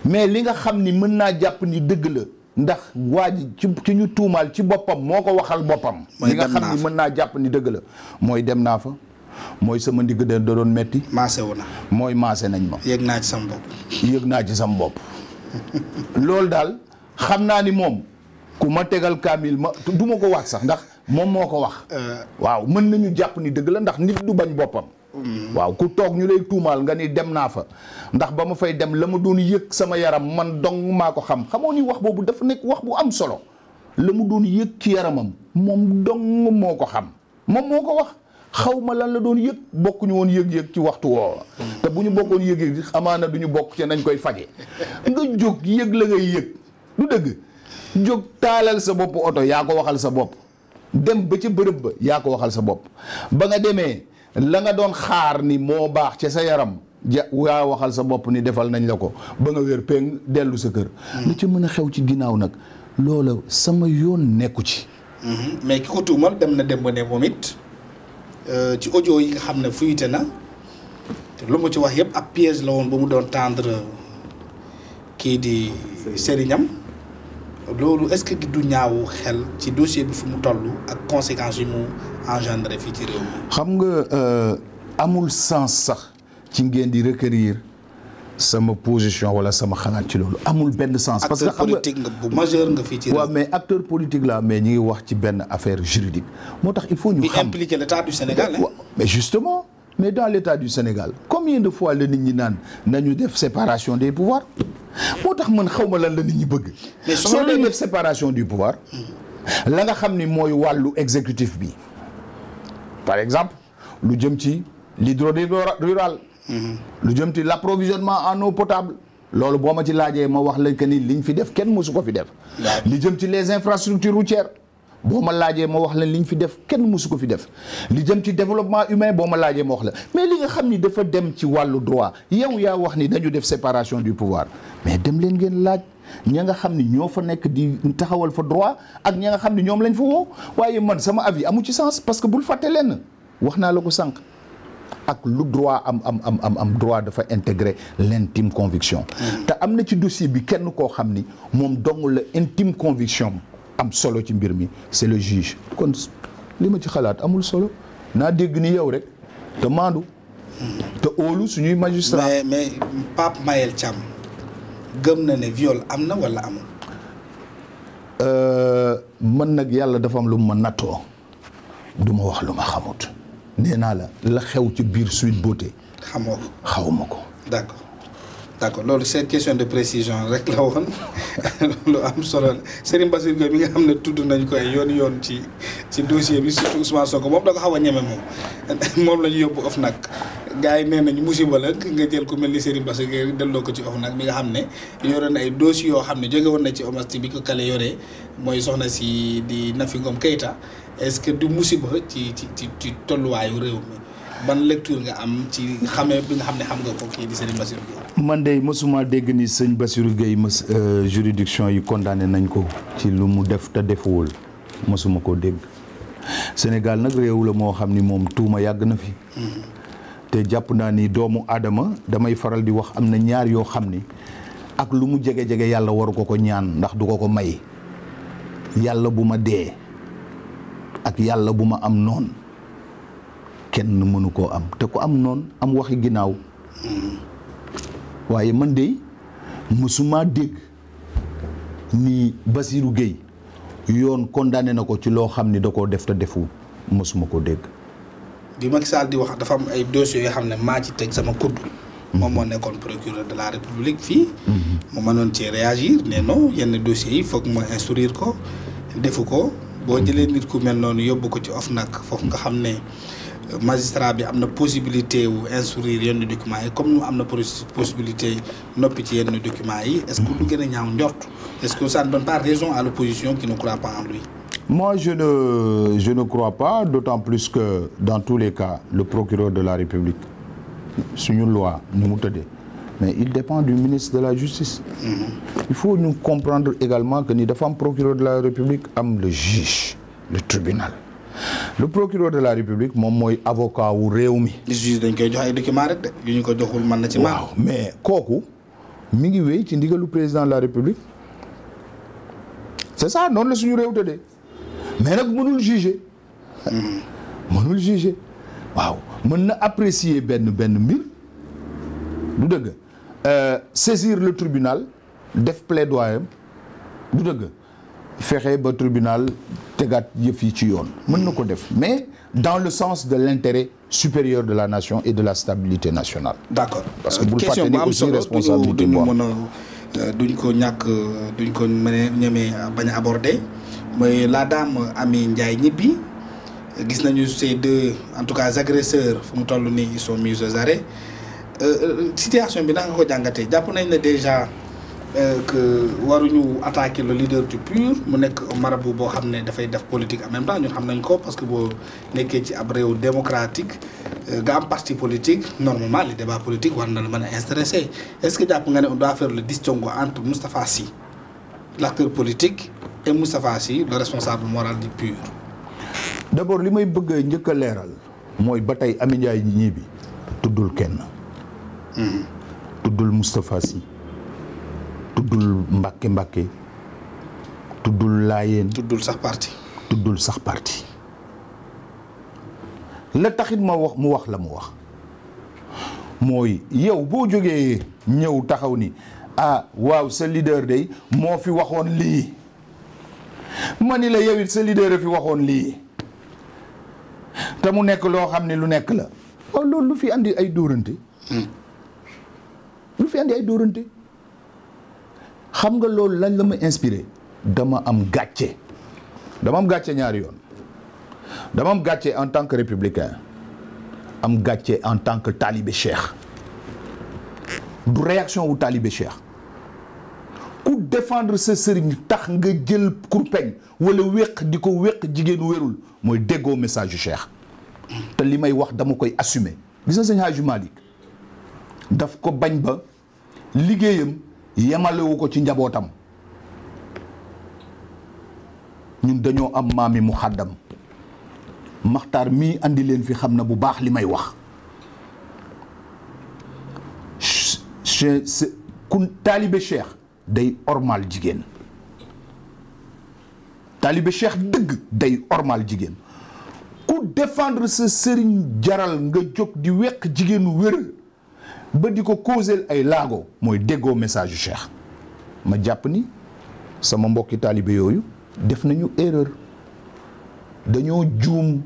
mais li nga xam ni mën naa jàpp ni dëgg la ndax waa ji ci tuumaal ci boppam moo ko waxal boppam li nga xam ni naa jàpp ni dëgg la mooy dem naa fa mooy sama ndigg da doon metti maase wu na mooy maase nañ ma yëg naa ci sam bopp yëg naa ci sam bopp loolu daal xam naa ni moom ku ma tegal kaamil ma du ma ko waat sax ndax moom moo ko wax. Euh. waaw mën nañu jàpp ni dëgg la ndax nit du bañ boppam. Mm. waaw ku toog ñu lay tuumaal nga ni dem naa fa ndax ba ma fay dem la ma doon yëg sama yaram man dong maa ko xam xamoo ni wax boobu dafa nekk wax bu am solo la mu doon yëg ci yaramam moom dong moo ko xam moom moo ko wax xaw ma lan la doon yëg bokkuñu woon yëg-yëg ci waxtu woo te bu ñu bokkoon yëg-yëg amaana du ñu bokk ci nañ koy faje nga jóg yëg la ngay yëg du dëgg jóg taalal sa bopp oto yaa ko waxal sa bopp dem ba ca bërëb ba yaa ko waxal sa bopp ba nga demee la nga doon xaar ni moo baax ca sa yaram ja yaa waxal sa bopp ni defal nañ la ko ba nga wér péng dellu sa kër hmm. la ci mën a xew ci ginnaaw nag loolu sama yoon nekku ci hmm. mais ki ko tuumal dem na dem ba ne moom it euh, ci audio yi nga xam ne fuyute na te lu mu ci wax yëpp ab piège la woon ba mu doon tendre kii di sëriñam loolu est-ce que du ñaaw xel ci dossier bi fu mu toll ak conséquence yu mu engendré fi ci réew mi. xam nga euh, amul sens sax ci ngeen di requérir sama position wala sama xalaat ci loolu amul benn sens. parce que xam nga acteur politique nga bu majeur nga fii ci. waaw mais acteur politique la mais ñi ngi wax ci benn affaire juridique moo tax il faut ñu. xam impliqué l'état du Sénégal mais justement mais dans l'état du Sénégal comme de fois la nit ñi naan nañu def séparation des pouvoirs. moo tax man xaw ma lan la nit ñi bëgg. mais soo dee def séparation du pouvoir. la nga xam ni mooy wàllu exécutif bi. par exemple lu jëm ci l'hydro rural. lu jëm ci l'approvisionnement en eau potable. loolu boo ma ci laajee ma wax la que ni liñ fi def kenn mësu ko fi def. li jëm ci les infrastructures routières. boo ma laajee ma wax la li ñu fi def kenn mosu ko fi def li jëm ci développement humain boo ma laajee ma wax la mais li nga xam ni dafa dem ci wàllu droit yow yaa wax ni dañu def séparation du pouvoir mais dem leen ngeen laaj ña nga xam ni ñoo fa nekk di taxawal fa droit ak ña nga xam ni ñoom lañ fa woo waaye man sama avis amu ci sens parce que bul fàtte leen wax naa la ko sànq ak lu droit am am am am am droit dafa intégrer l'intime conviction mm. te am na ci dossier bi kenn koo xam ni moom dong la intime conviction am solo ci mbir mi c'est le juge kon li ma ci xalaat amul solo naa dégg ni yow rek te maandu te óolu suñuy magistrat mais mais Pape Mayel Thiam gëm na ne viole am na wala amul. Euh, mën nag yàlla dafa am lu ma nattoo du ma wax lu ma xamut nee naa la la xew ci biir Sweet Beauté. xamoo ko xaw ma ko d'accord. d' accord loolu c'est question de précision rek la woon lu am solo la Serigne Bassirou Gueye mi nga xam ne tudd nañ ko ay yoon yoon ci ci bi bi surtout Ousmane ko moom da ko xaw a ñeme moom moom la ñu yóbbu OFNAC gars yi nee nañu musiba la nga jël ku mel ni Serigne Bassirou Gueye delloo ko ci OFNAC mi nga xam ne yore na ay dossiers yoo xam ne jóge woon na ci OMAST bi ko kale yoree mooy soxna si di Nafi Ngom Keïta est-ce que du musiba ci ci ci ci tolluwaayu réew mi. ban lecture nga am ci xamee bi nga xam ne xam nga ko kii di man de mosuma dégg ni sëñ Bassirou Gueye mos euh, juridiction yi condamné nañ ko ci lu mu def te defuwul mosuma koo dégg Sénégal nag réew la moo xam ni moom tuuma yàgg na fi. Hmm. te jàpp naa ni doomu aadama damay faral di wax am na ñaar yoo xam ni ak lu mu jege jege yàlla waru ko ko ñaan ndax du ko ko may yàlla bu ma dee ak yàlla bu ma am noon kenn mënu koo am te ko am noonu am waxi ginnaaw waaye man de mësuma dégg ni Basirou géey yoon condamné na ko ci loo xam ni da koo def te defu mësuma ko dégg. bi mag Sall di wax dafa am ay dossiers yoo xam ne maa ci teg sama kudd. moom moo nekkoon procureur de la république fii. Mhm. mu mënoon ci réagir ne non yenn dossiers yi foog mooy instruire ko defu ko boo jëlee nit ku mel noonu yóbbu ko ci nag foofu nga xam ne. magistrat bi am na possibilité wu instruire yenn documents yi comme ñu am na possibilité noppi ci yenn documents yi. est-ce que du gën a ñaaw njort. est-ce que ça ne donne pas raison à l'opposition qui ne croit pas en lui. moi je ne je crois pas d'autant plus que dans tous les cas le procureur de la République suñu loi ni mu tëddee mais il dépend ministre de la justice. Mm-hmm. il faut ñu comprendre également que ni dafa am procureur de la République am le juge le tribunal. le procureur de la république moom mooy avocat wu réew mi. juge dañ koy jox ay documents rek de yu ñu ko joxul man na ci. waaw mais kooku mi ngi wéy ci ndigalu président de la république c'est ça noonu la suñu réew tëddee mais nag mënul juger. Hmm. mënul juger waaw mën na apprécier benn benn mbir du dëgg euh, saisir le tribunal def plaidoyer am du dëgg. fexe ba tribunal tegaat yëf yi ci yoon mën na ko def mais dans le sens de l'intérêt supérieur de la nation et de la stabilité nationale d'accord parce que bul fàtte ni aussi responsabilité boo mën a duñ ko ñàkk duñ ko mën a ñemee bañ a la dame Amy Ndiaye ñibbi gis nañu ces de en tout cas agresseurs fu mu toll nii ils sont mis aux arrêts euh, euh, situation bi na nga ko jàngatee jàpp nañ ne déjà Euh, que waruñu attaquer le leader du PUR mu nekk marabu boo xam ne dafay def politique en même temps ñun xam nañ ko parce que boo nekkee ci ab réew démocratique euh, nga am parti politique normalement le débat politique war na la mën a intéressé est-ce que jàpp nga ne on doit faire le distinguo entre Moustapha Sy l'acteur politique et Moustapha Sy le responsable moral du PUR. d'abord li may bëgg njëkk a leeral mooy ba tey Amy Ndiaye ñii bi tuddul kenn. Hmm. tuddul Moustapha Sy. tuddul mbakki Mbàkke tuddul Laayeen. tuddul sax parti. tuddul sax parti la taxit ma wax mu wax la mu wax mooy yow boo jógee ñëw taxaw ni ah waaw sa leader day moo fi waxoon lii ma ni la yow it sa leader a fi waxoon lii te mu nekk loo xam ne lu nekk la. waaw loolu lu fi andi ay dóorante. Hmm. lu fi andi ay dóorante. xam nga loolu lañ la ma inspiré dama am gàcce dama am gàcce ñaari yoon dama am gàcce en tant que républicain am gàcce en tant que talibé cheikh du réaction wu talibé cheikh ku defendre sa sëriñ tax nga jël kurpeñ wala wéq di ko wéq jigéenu wérul mooy déggoo message yu cheikh te li may wax dama koy assume gis na sëñ Hadji daf ko bañ ba liggéeyam yemalewu ko ci njabootam ñun dañoo am maami mu xàddam maxtaar mii andi leen fi xam na bu baax li may wax che kun taalibe cheikh day ormal jigéen taalibe cheikh dëgg day ormal jigéen ku défendre sa sëriñ jaral nga jóg di weq jigéenu wéral ba di ko causel ay laago mooy déggoo message yu Cheikh ma jàpp ni sama mbokki taalibe yooyu def nañu erreur dañoo juum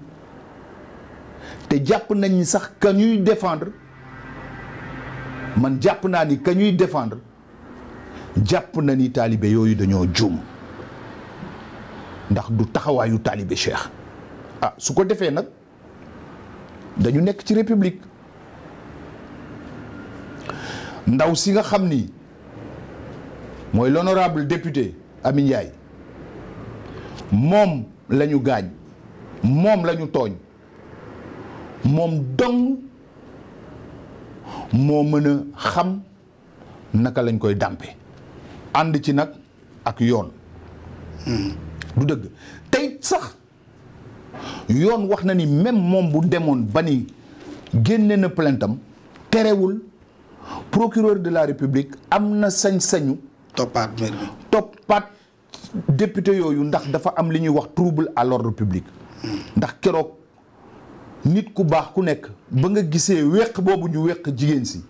te jàpp nañ ni sax ka ñuy défendre man jàpp naa ni ka ñuy défendre jàpp na ni taalibe yooyu dañoo juum ndax du taxawaayu taalibe Cheikh ah su ko defee nag dañu nekk ci république ndaw si nga xam ni mooy lonorable député Amy Ndiaye moom lañu gaañ moom lañu tooñ moom dong moo mën a xam naka lañ koy dàmpe ànd ci nag ak yoon hmm. du dëgg tey sax yoon wax na ni même moom bu demoon ba ni génne na plaintam terewul procureur de la république am na sañ-sañu. toppaat mbir yooyu ndax dafa am li ñuy wax trouble à l'ordre public. ndax keroog nit ku baax ku nekk ba nga gisee wéq boobu ñu wéq jigéen si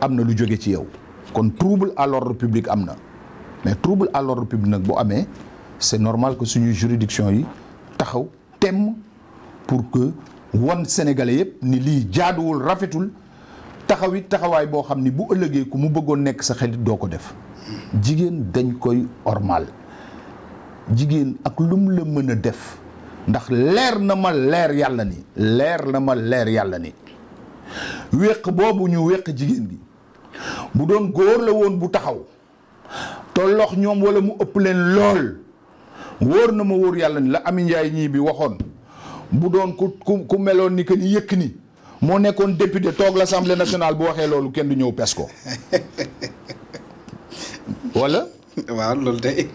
am na lu jóge ci yow kon trouble à l'ordre public am na mais trouble à l'ordre public nag bu amee c'est normal que suñu juridiction yi taxaw temm pour que wan sénégalais yëpp ni lii jaaduwul rafetul. taxawit taxawaay boo xam ni bu ëllëgee ku mu bëggoon nekk sa xelit doo ko def jigéen dañ koy ormal jigéen ak lum la mën a def ndax leer na ma leer yàlla ni leer na ma leer yàlla ni wéq boobu ñu wéq jigéen gi bu doon góor la woon bu taxaw tollox ñoom wala mu ëpp leen lool wóor na ma wóor yàlla ni la Ami Njaay ñii bi waxoon bu doon ku ku meloon ni que ni yëkk ni moo nekkoon député toog l'Assemblée nationale bu waxee loolu kenn du ñëw pes ko wala. waaw loolu day.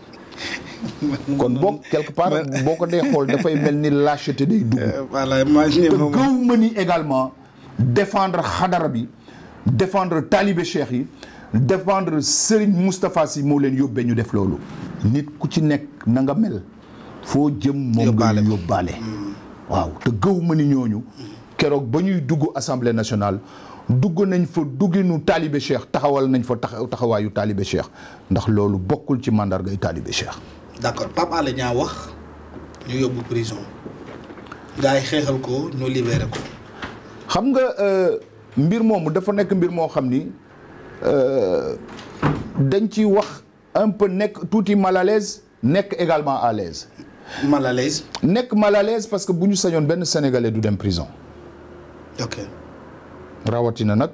kon boog quelque part boo ko dee xool dafay mel ni lâcheté day dugg. te gëw ma ni également défendre xadara bi defendre talibé cheikh yi défendre Serigne Moustapha Sy moo leen yóbbee ñu def loolu. nit ku ci nekk na nga mel. foo jëm moom nga yóbbaale. Hmm. waaw te gëw ma ni ñooñu. Hmm. keroog ba ñuy dugg assemblée nationale dugg nañ fa dugginu taalibe Cheikh taxawal nañ fa taxawaayu taalibe Cheikh ndax loolu bokkul ci màndargay taalibe Cheikh. d'accord Pape Alé Niang wax ñu yóbbu prison gars yi xeexal ko ñu libéré ko. xam nga euh, mbir moomu dafa nekk mbir moo xam ni euh, dañ ci wax un peu nekk tuuti mal nekk également à l'aise mal à nekk mal à parce que bu ñu sañoon benn sénégalais du dem prison. ok rawatina nag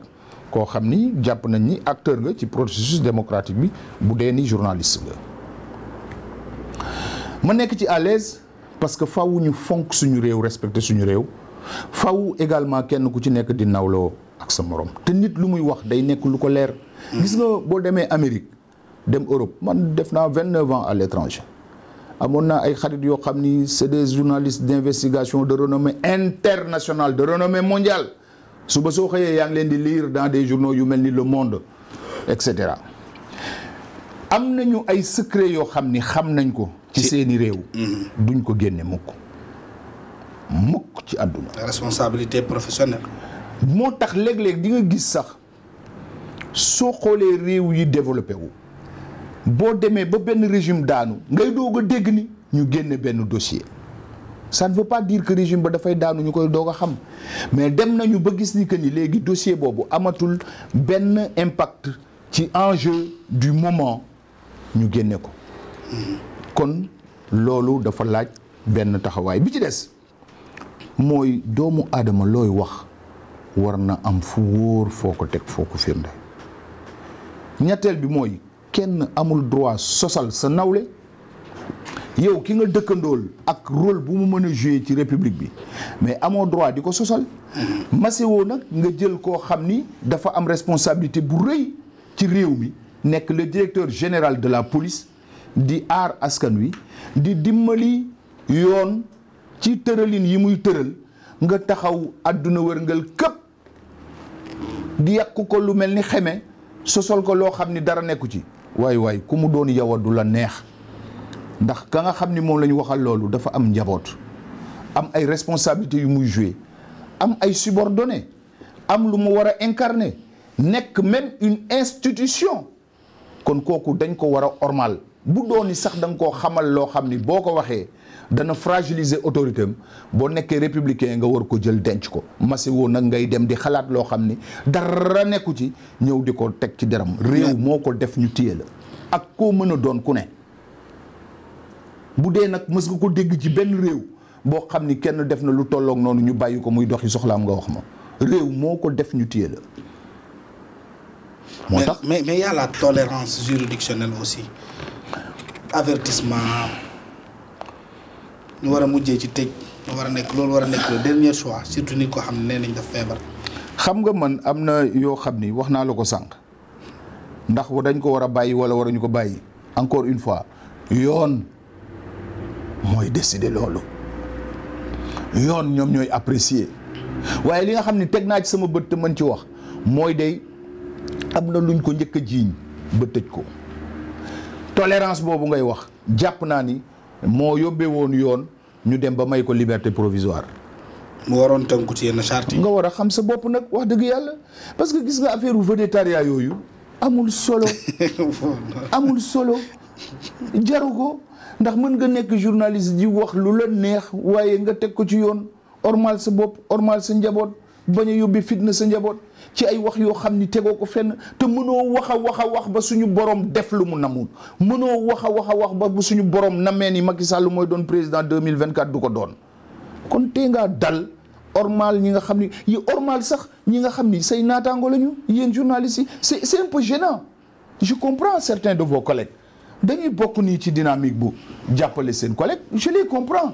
koo xam ni jàpp nañ ni acteur nga ci processus démocratique bi bu dee ni journaliste nga. ma nekk ci à l'aise parce que faw ñu fonk suñu réew respecter suñu réew faw également kenn ku ci nekk di nawloo ak sa morom te nit lu muy wax day nekk lu ko leer. Mm-hmm. gis nga boo demee Amérique dem Europe man def naa vingt neuf ans à l'étranger amoon na ay xarit yoo xam ni c'est des journalistes d'investigation de renommée internationale de renommée mondial suba soo xëyee yaa ngi leen di lire dans des journaux yu mel ni Le Monde et cetera am nañu ay secret yoo xam ni xam nañ ko ci seeni réew mm-hmm. duñ ko génne mukk mukk ci àdduna responsabilité professionnelle moo tax léeg-léeg di nga gis sax soo xoolee réew yi développé wu boo demee ba benn régime daanu ngay doog a dégg ni ñu génne benn dossier ça ne veut pas dire que régime ba dafay daanu ñu koy doog a xam mais dem nañu ba gis ni que ni léegi dossier boobu amatul benn impact ci enjeu du moment ñu génne ko kon loolu dafa laaj benn taxawaay bi ci des mooy doomu aadama looy wax war na am fu wóor foo ko teg foo ko firnde ñetteel bi mooy kenn amul droit sosal sa nawle yow ki nga dëkkandool ak rôle bu mu mën a jouer ci république bi mais amoo droit di ko sosal Masewoo nag nga jël koo xam ni dafa am responsabilité bu rëy ci réew mi nekk la directeur général de la police di aar askan wi di dimmali yoon ci tëralin yi muy tëral nga taxaw àdduna wërngal këpp di yàq ko lu mel ni xeme sosol ko loo xam ni dara nekku ci waay waay ku mu doon yow du la neex ndax ka nga xam ni moom la ñu waxal loolu dafa am njaboot am ay responsabilités yu muy joué am ay subordonné am lu mu war a incarné nekk même une institution kon kooku dañ ko war a ormal bu dooni sax danga koo xamal loo xam ni boo ko waxee dana fragiliser autorité am boo nekkee républicain nga war ko jël denc ko masi woon nag ngay dem di xalaat loo xam ni dara nekku ci ñëw di ko teg ci deram réew moo ko def ñu téye la ak koo mën a doon ku ne bu dee nag mës nga ko dégg ci benn réew boo xam ni kenn def na lu tolloog noonu ñu bàyyi ko muy doxi soxlaam nga wax ma réew moo ko def ñu téye la moo tax mais mais y a la tolérance juridictionnelle aussi ak avertissement ñu war a mujjee ci tëj ñu war a nekk loolu war a nekk le dernier choix surtout nit ko xam ne nee ñu daf feebar. xam nga man am na yoo xam ni wax naa la ko sànq ndax dañ ko war a bàyyi wala waruñu ko bàyyi encore une fois yoon mooy décider loolu yoon ñoom ñooy apprécier waaye li nga xam ni teg naa ci sama bët te mën ci wax mooy day am na luñ ko njëkk a jiiñ ba tëj ko. tolérance boobu ngay wax jàpp naa ni moo yóbbee woon yoon ñu dem ba may ko liberté provisoire. mu waroon tënku ci yenn charte yi. nga war a xam sa bopp nag wax dëgg yàlla parce que gis nga affaire védétariat yooyu amul solo amul solo jaru ko ndax mën nga nekk journaliste di wax lu la neex waaye nga teg ko ci yoon ormal sa bopp ormal sa njaboot bañ a yóbbi fitna sa njaboot. ci ay wax yoo xam ni tegoo ko fenn te mënoo wax a wax wax ba suñu borom def lu mu namul mënoo wax a wax wax ba suñu borom namee ni Macky Sall mooy doon président 2024 du ko doon kon tee ngaa dal ormal ñi nga xam ni yi ormal sax ñi nga xam ni say naataango la ñu yéen journalistes yi c'est c'est un peu gênant je comprends certains de vos collègues dañuy bokk nii ci dynamique bu jàppale seen collègue je les comprends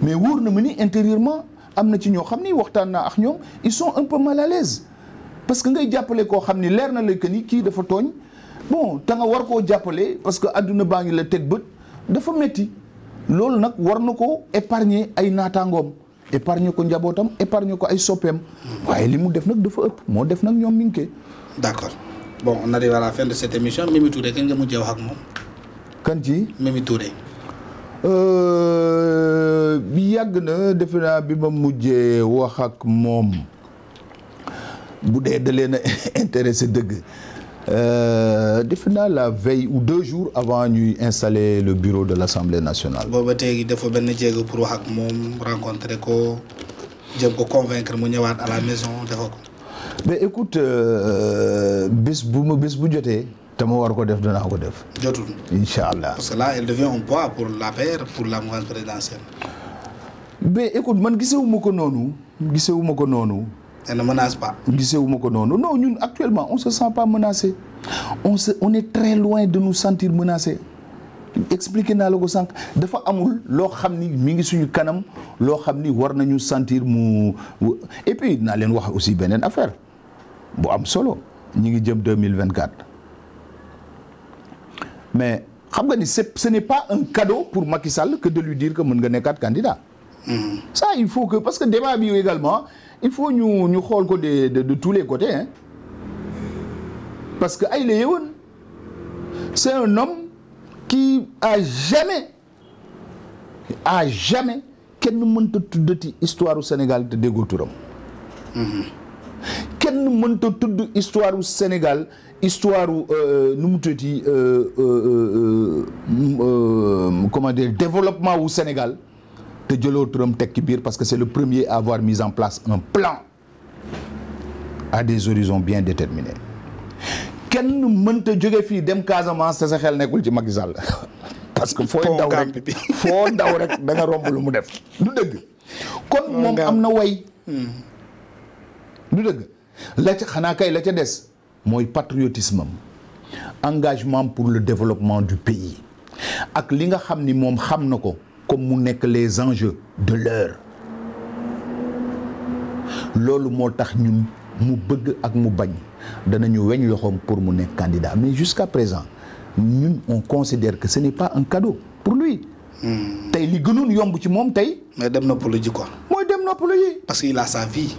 mais wóor na ma ni intérieurement am na ci ñoo xam ni waxtaan naa ak ñoom ils sont un peu mal à l'aise parce que ngay jàppale koo xam ni leer na la que ni kii dafa tooñ bon te nga war koo jàppale parce que adduna baa ngi la teg bët dafa metti loolu nag war na ko épargner ay naataangoom épargne ko njabootam épargner ko ay soppeem waaye li mu def nag dafa ëpp moo def nag ñoom minke d'accord bon on arrive à la fin de émission Mimi Touré kañ nga mujjee wax ak ci Mimi Touré. bi euh, yàgg na defe naa bi ma mujjee wax ak moom. bu dee da leen a intéressé dëgg euh, defe naa la veille ou deux jours avant ñuy installé le bureau de l'Assemblée nationale. booba tey dafa benn jéego pour wax ak moom rencontrer ko jëm ko convaincre mu ñëwaat à la maison defoo ko. mais écoute euh, bis bu ma bis bu jotee. te ma war ko def danaa ko def. jotul incha allah. parce que là elle devient un poids pour l'APR pour la mouvance présidentielle. mais écoute man gisewuma ko noonu. gisewuma ko noonu. na ne pas. gisee wu ma ko noonu non ñun actuellement on se sent pas menacé on se on est très loin de nous sentir menacé expliqué naa la ko sànq dafa amul loo xam ni mi ngi suñu kanam loo xam ni war nañu sentir mu et naa leen wax aussi beneen affaire bu am solo ñi ngi jëm deux mille vingt quatre mais xam nga ni ce n'est pas un cadeau pour Macky Sall que de lui dire que mën nga nekkaat candidat. Hmm. ça il faut que parce que débat bi également. il faut ñu ñu xool ko de de tous les côtés hein parce que ay la yëwoon c'est un homme qui a jamais à jamais kenn mënta tuddati histoire u Sénégal te déggoo turam kenn mënta tudd histoire u Sénégal histoire u euh, nu mu tuddati euh, euh, comment dire développement wu Sénégal te jëloo turam teg ci biir parce que c'est le premier à avoir mis en place un plan à des horizons bien déterminés kenn mënta jóge fii dem Casamance te sa xel nekkul ci Macky Sall parce que foo daw rek foo daw rek da nga romb lu mu def du dëgg kon moom am na way lu hmm. dëgg la ca xanaa kay la ca des mooy patriotisme am engagement pour le développement du pays ak li nga xam ni moom xam na ko comme mu nekk les enjeux de l'heure loolu moo tax ñun mu bëgg ak mu bañ danañu weñ loxoom pour mu nekk candidat mais jusqu'à présent ñun on considère que ce n'est pas un cadeau pour lui hmm. tey li gënoon yomb ci moom tey mais dem noppalu ji quoi mooy dem noppalu yi parce que il a sa vie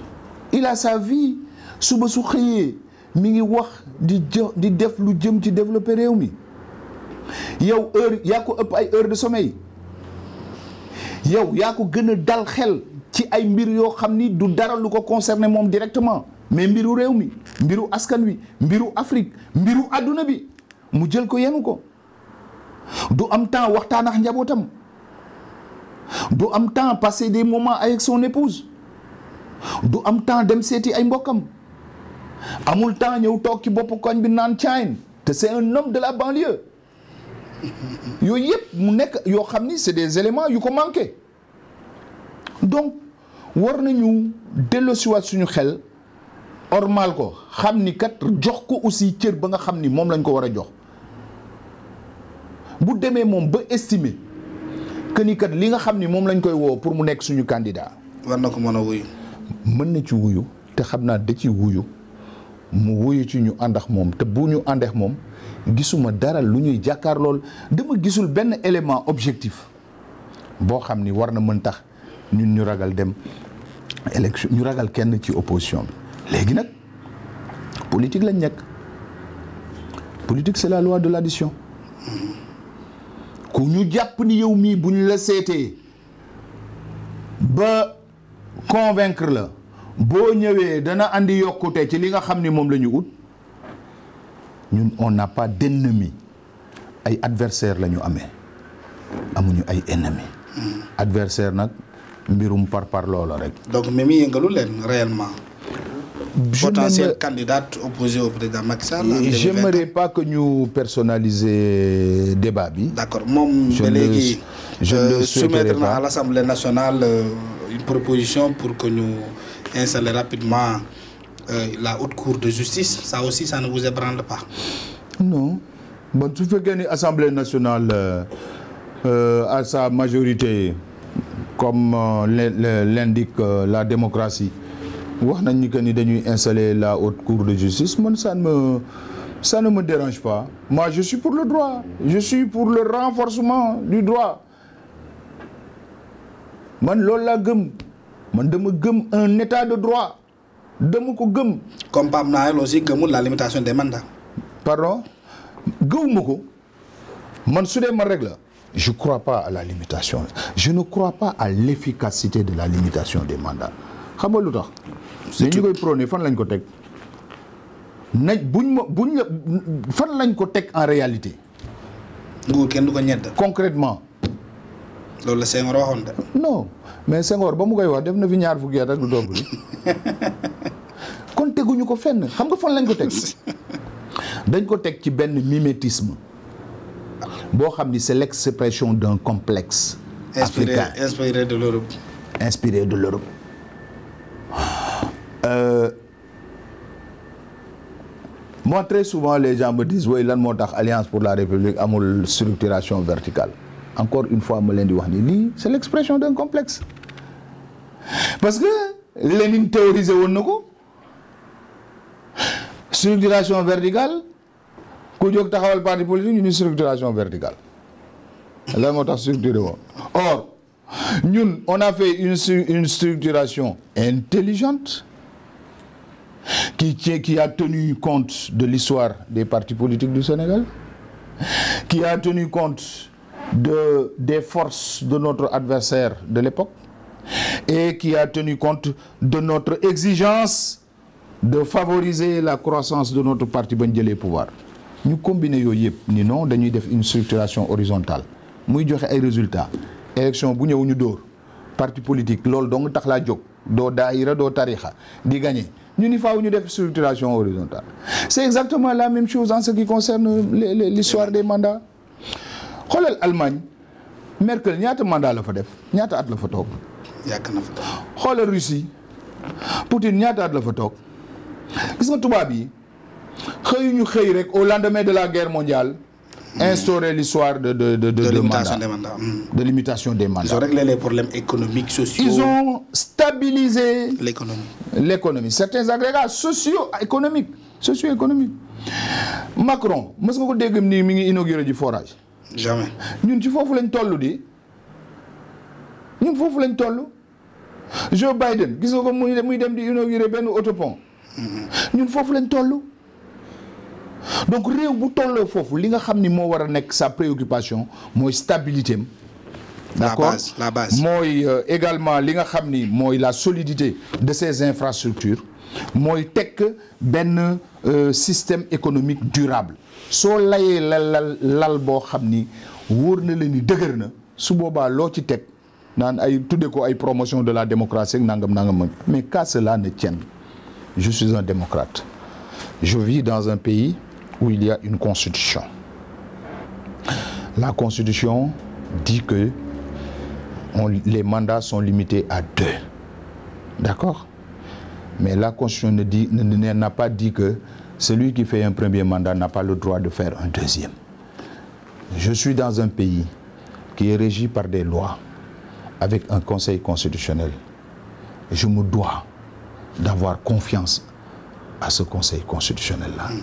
il a sa vie suba su xëyee mi ngi wax di di def lu jëm ci développer réew mi yow heure yaa ko ëpp ay heure de sommeil yow yaa ko gën a dal xel ci ay mbir yoo xam ni du dara lu ko concerné moom directement mais mbiru réew mi mbiru askan wi mbiru Afrique mbiru àdduna bi mu jël ko yenu ko du am temps waxtaan ak njabootam du am temps passer des moments avec son épouse du am temps dem seeti ay mbokkam amul temps ñëw toog ci boppu koñ bi naan caayin te c'est un homme de la banlieue yooyu yëpp mu nekk yoo xam ni c'est des éléments yu ko manqué donc war nañu delloosiwaat suñu xel ormal ko xam ni kat jox ko aussi cër ba nga xam ni moom lañ ko war a jox bu demee moom ba estimer que li nga xam ni moom lañ koy woo pour mu nekk suñu candidat. war na ko mën a wuyu. mën na ci wuyu te xam naa da ci wuyu mu wuyu ci ñu ànd ak moom te bu ñu ànd moom. gisuma dara lu ñuy jàkkaar lool dama gisul benn élément objectif boo xam ni war na mën tax ñun ñu ragal dem élection ñu ragal kenn ci opposition bi léegi nag politique lañ nekk politique c'est la loi de l'addition ku ñu jàpp ni yow mii bu ñu la seetee ba convaincre la boo ñëwee dana indi yokkute ci li nga xam ni moom la ñu ut ñun on n'a pas d'ennemi ay adversaire la ñu amee amuñu ay ennemi adversaire nag mbirum par par loola rek. donc Mimi yëngalu leen réellement. potentiel candidat opposé au président Macky Sall. j'aimerais pas que ñu personnaliser débat bi. d'accord moom. je léegi je ne le euh, soumettre na à l'Assemblée nationale euh, une proposition pour que ñu installer rapidement. Euh, la haute cour de justice ça aussi ça ne vous ébranle pas. non bon su fekkee ni assemblée nationale à euh, euh, sa majorité comme l'indique la démocratie wax nañ ni que ni dañuy installer la haute cour de justice man ça ne me ça ne me dérange pas moi je suis pour le droit je suis pour le renforcement du droit man loolu la gëm man dama gëm un état de droit. dama ko gëm. comme Pape Naël aussi gëmul la limitation des mandats. pardon gëwuma ko man su dee man rek la. je crois pas à la limitation je crois pas à l'efficacité de la limitation des mandats xam nga lu tax. si ñu koy prôné fan lañ ko teg nañ buñ ma buñ la fan lañ ko teg en réalité. nguur kenn du ko ñedd. concrètement. loolu la Senghor waxoon de. non mais Senghor ba mu koy wax def na fi ñaar fukki at ak lu doog kon ñu ko fenn xam nga fan lañ ko teg dañ ko teg ci benn mimétisme boo xam ni c'est l'expression d'un complexe inspiré, africain inspiré de l'Europe inspiré de l'Europe euh, moi très souvent les gens me disent lan moo tax Alliance pour la République amul structuration verticale encore une fois ma leen di wax ni lii c'est l'expression d'un complexe parce que Lénine théorisé woon na ko structuration verticale ku jóg taxawal parti politique ñu structuration verticale lan moo tax structuré woon or ñun on a fait une une structuration intelligente qui qui a tenu compte de l'histoire des partis politiques du Sénégal qui a tenu compte des forces de notre adversaire de l'époque et qui a tenu compte de notre exigence de favoriser la croissance de notre parti ba ñu jëlee pouvoir ñu combiner yooyu yëpp ni non dañuy def une structuration horizontale muy joxe ay résultat élection bu ñëw ñu dóor parti politique loolu dong tax laa jóg doo daayira doo tarixa di gagné ñu ni faaw ñu def structuration horizontale c'est exactement la même chose en ce qui concerne l'histoire des mandats xoolal Allemagne Merkel ñaata mandat la fa def ñaata at la fa toog. yàgg na fa toog xoolal Russie Poutine ñaata at la fa toog. gis nga tubaab yi xëyuñu xëy rek au lendemain de la guerre mondiale. instaurer hmm. l'histoire de de de de. de limitation des mandats hmm. de limitation des mandats. ils ont réglé les problèmes économiques sociaux. ils ont stabilisé. l'économie l'économie certains agrégats socio-économiques socio-économiques. Macron mës nga ko dégg nii mi ngi inauguré ji forage. jamais ñun ci foofu lañ toll di ñun foofu lañ toll. Joe Biden gis nga ko muy dem di inauguré benn autopont. ñun foofu lañ toll. donc réew bu tolloo foofu li nga xam ni moo war a nekk sa préoccupation mooy stabilité am. la base mooy euh, également li nga xam ni mooy la solidité de ces infrastructures mooy tekk benn euh, système économique durable soo layee la lal lal boo xam ni wóor na leen ni dëgër na su boobaa loo ci teg naan ay tuddee ko ay promotion de la démocratie ak nangam nangam mais qu'à cela ne tienne. je suis un démocrate. Je vis dans un pays où il y a une constitution. La constitution dit que on, les mandats sont limités à deux. D'accord Mais la constitution n'a pas dit que celui qui fait un premier mandat n'a pas le droit de faire un deuxième. Je suis dans un pays qui est régi par des lois, avec un conseil constitutionnel. Je me dois d'avoir confiance à ce Conseil constitutionnel-là. Mmh.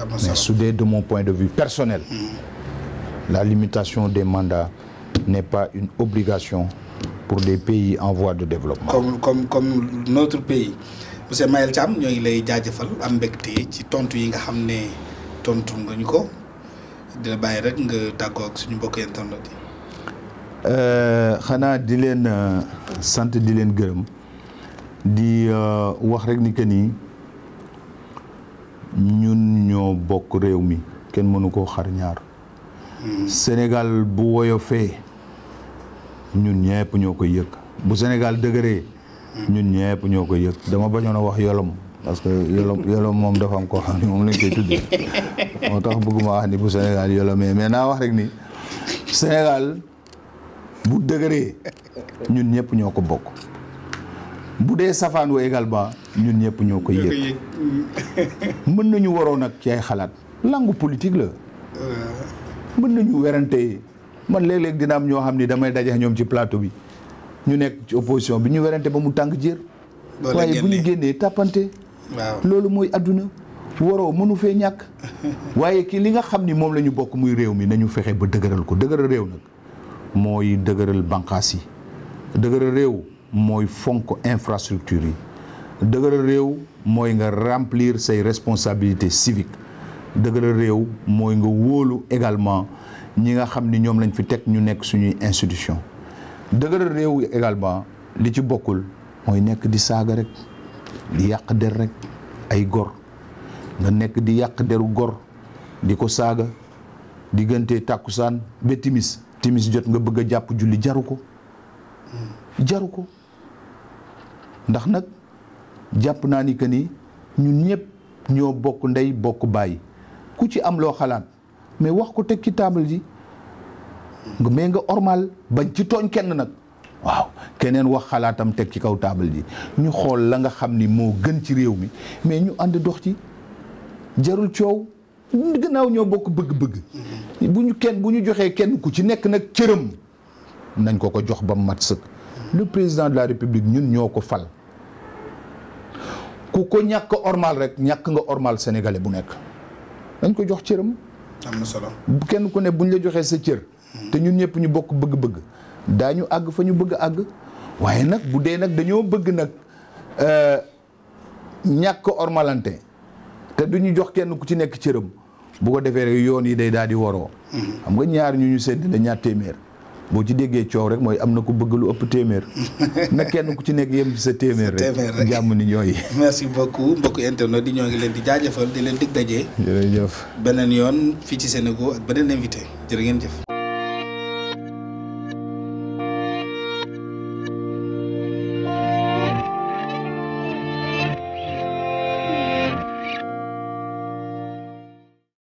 Ah Mais soudé de mon point de vue personnel, mmh. la limitation des mandats n'est pas une obligation pour des pays en voie de développement. Comme, comme, comme notre pays. Monsieur Mayel Thiam ñoo ngi lay jaajëfal am mbégte ci tontu yi nga xam ne tontu nga ñu ko dina bàyyi rek nga tàggoo ak suñu mbokk internet yi. Euh, xanaa di leen euh, sant di leen gërëm. di euh, wax rek ni que ni ñun ñoo bokk réew mi kenn mënu koo xar ñaar. Hmm. Sénégal bu woyo woyofee ñun ñëpp ñoo ko yëg bu Sénégal dëgëree. Hmm. ñun ñëpp ñoo ko yëg dama bañoon a wax yolom parce que yolom yolom moom dafa am koo xam ne moom lañ koy tuddee moo tax bëgguma wax ni bu Sénégal yolomee mais naa wax rek ni Sénégal bu dëgëree ñun ñëpp ñoo ko bokk. bu dee safaan wa également ñun ñëpp ñoo koy yëg mën nañu waroon ak ci ay xalaat langue politique la euh. mën nañu werante man léeg-léeg dina am ñoo xam ni damay daje ñoom ci plateau bi ñu nekk ci opposition bi ñu werante ba mu tàng jër waaye bu ñu génnee tàppante loolu mooy adduna waroo mënu fee ñàkk waaye kii li nga xam ni moom la ñu bokk muy réew mi nañu fexe ba dëgëral ko dëgëral réew nag mooy dëgëral bànqaas yi dëgëral réew mooy fonk infrastructure yi dëgëral réew mooy nga remplir say responsabilité civiques dëgëral réew mooy nga wóolu également ñi nga xam ni ñoom lañ fi teg ñu nekk suñuy institution dëgëral réew également li ci bokkul mooy nekk di saaga rek di yàq der rek ay gor nga nekk di yàq deru gor di ko saaga diggante tàkkusaan ba timis timis jot nga bëgg a jàpp julli jaru ko jaru ko ndax nag jàpp naa ni que ni ñun ñëpp ñoo bokk ndey bokk bàyyi ku ci am loo xalaat mais wax ko teg ci taabal ji mais nga ormal bañ ci tooñ kenn nag waaw keneen wax xalaatam teg ci kaw taabal ji ñu xool la nga xam ni moo gën ci réew mi mais ñu ànd dox ci jarul coow gannaaw ñoo bokk bëgg-bëgg bu ñu kenn bu ñu joxee kenn ku ci nekk nag cëram nañ ko ko jox ba mu mat sëkk lu président de la république ñun ñoo ko fal ku ko ñàkk ormal rek ñàkk nga ormal sénégalais bu nekk dañ ko jox cëram. am na solo kenn ku ne buñ la joxee sa cër. Hmm. te ñun ñëpp ñu bokk bëgg-bëgg daañu àgg fa ñu bëgg àgg waaye nag bu dee nag dañoo bëgg nag euh, ñàkk ormalante te du ñu jox kenn ku ci nekk cëram bu ko defee rek yoon yi day daal di waroo. Hmm. xam nga ñaar ñu ñu sédd la ñaar téeméer. boo ci déggee coow rek mooy am na ku bëgg lu ëpp téeméer na kenn ku ci nekk yem ci sa téeméer rek jàmm ni ñooy merci beaucoup mbokku internet di ñoo ngi leen di jaajëfal di leen dig dajee jërëjëf beneen yoon fii ci Sénégal ak beneen invité jërë ngeen jëf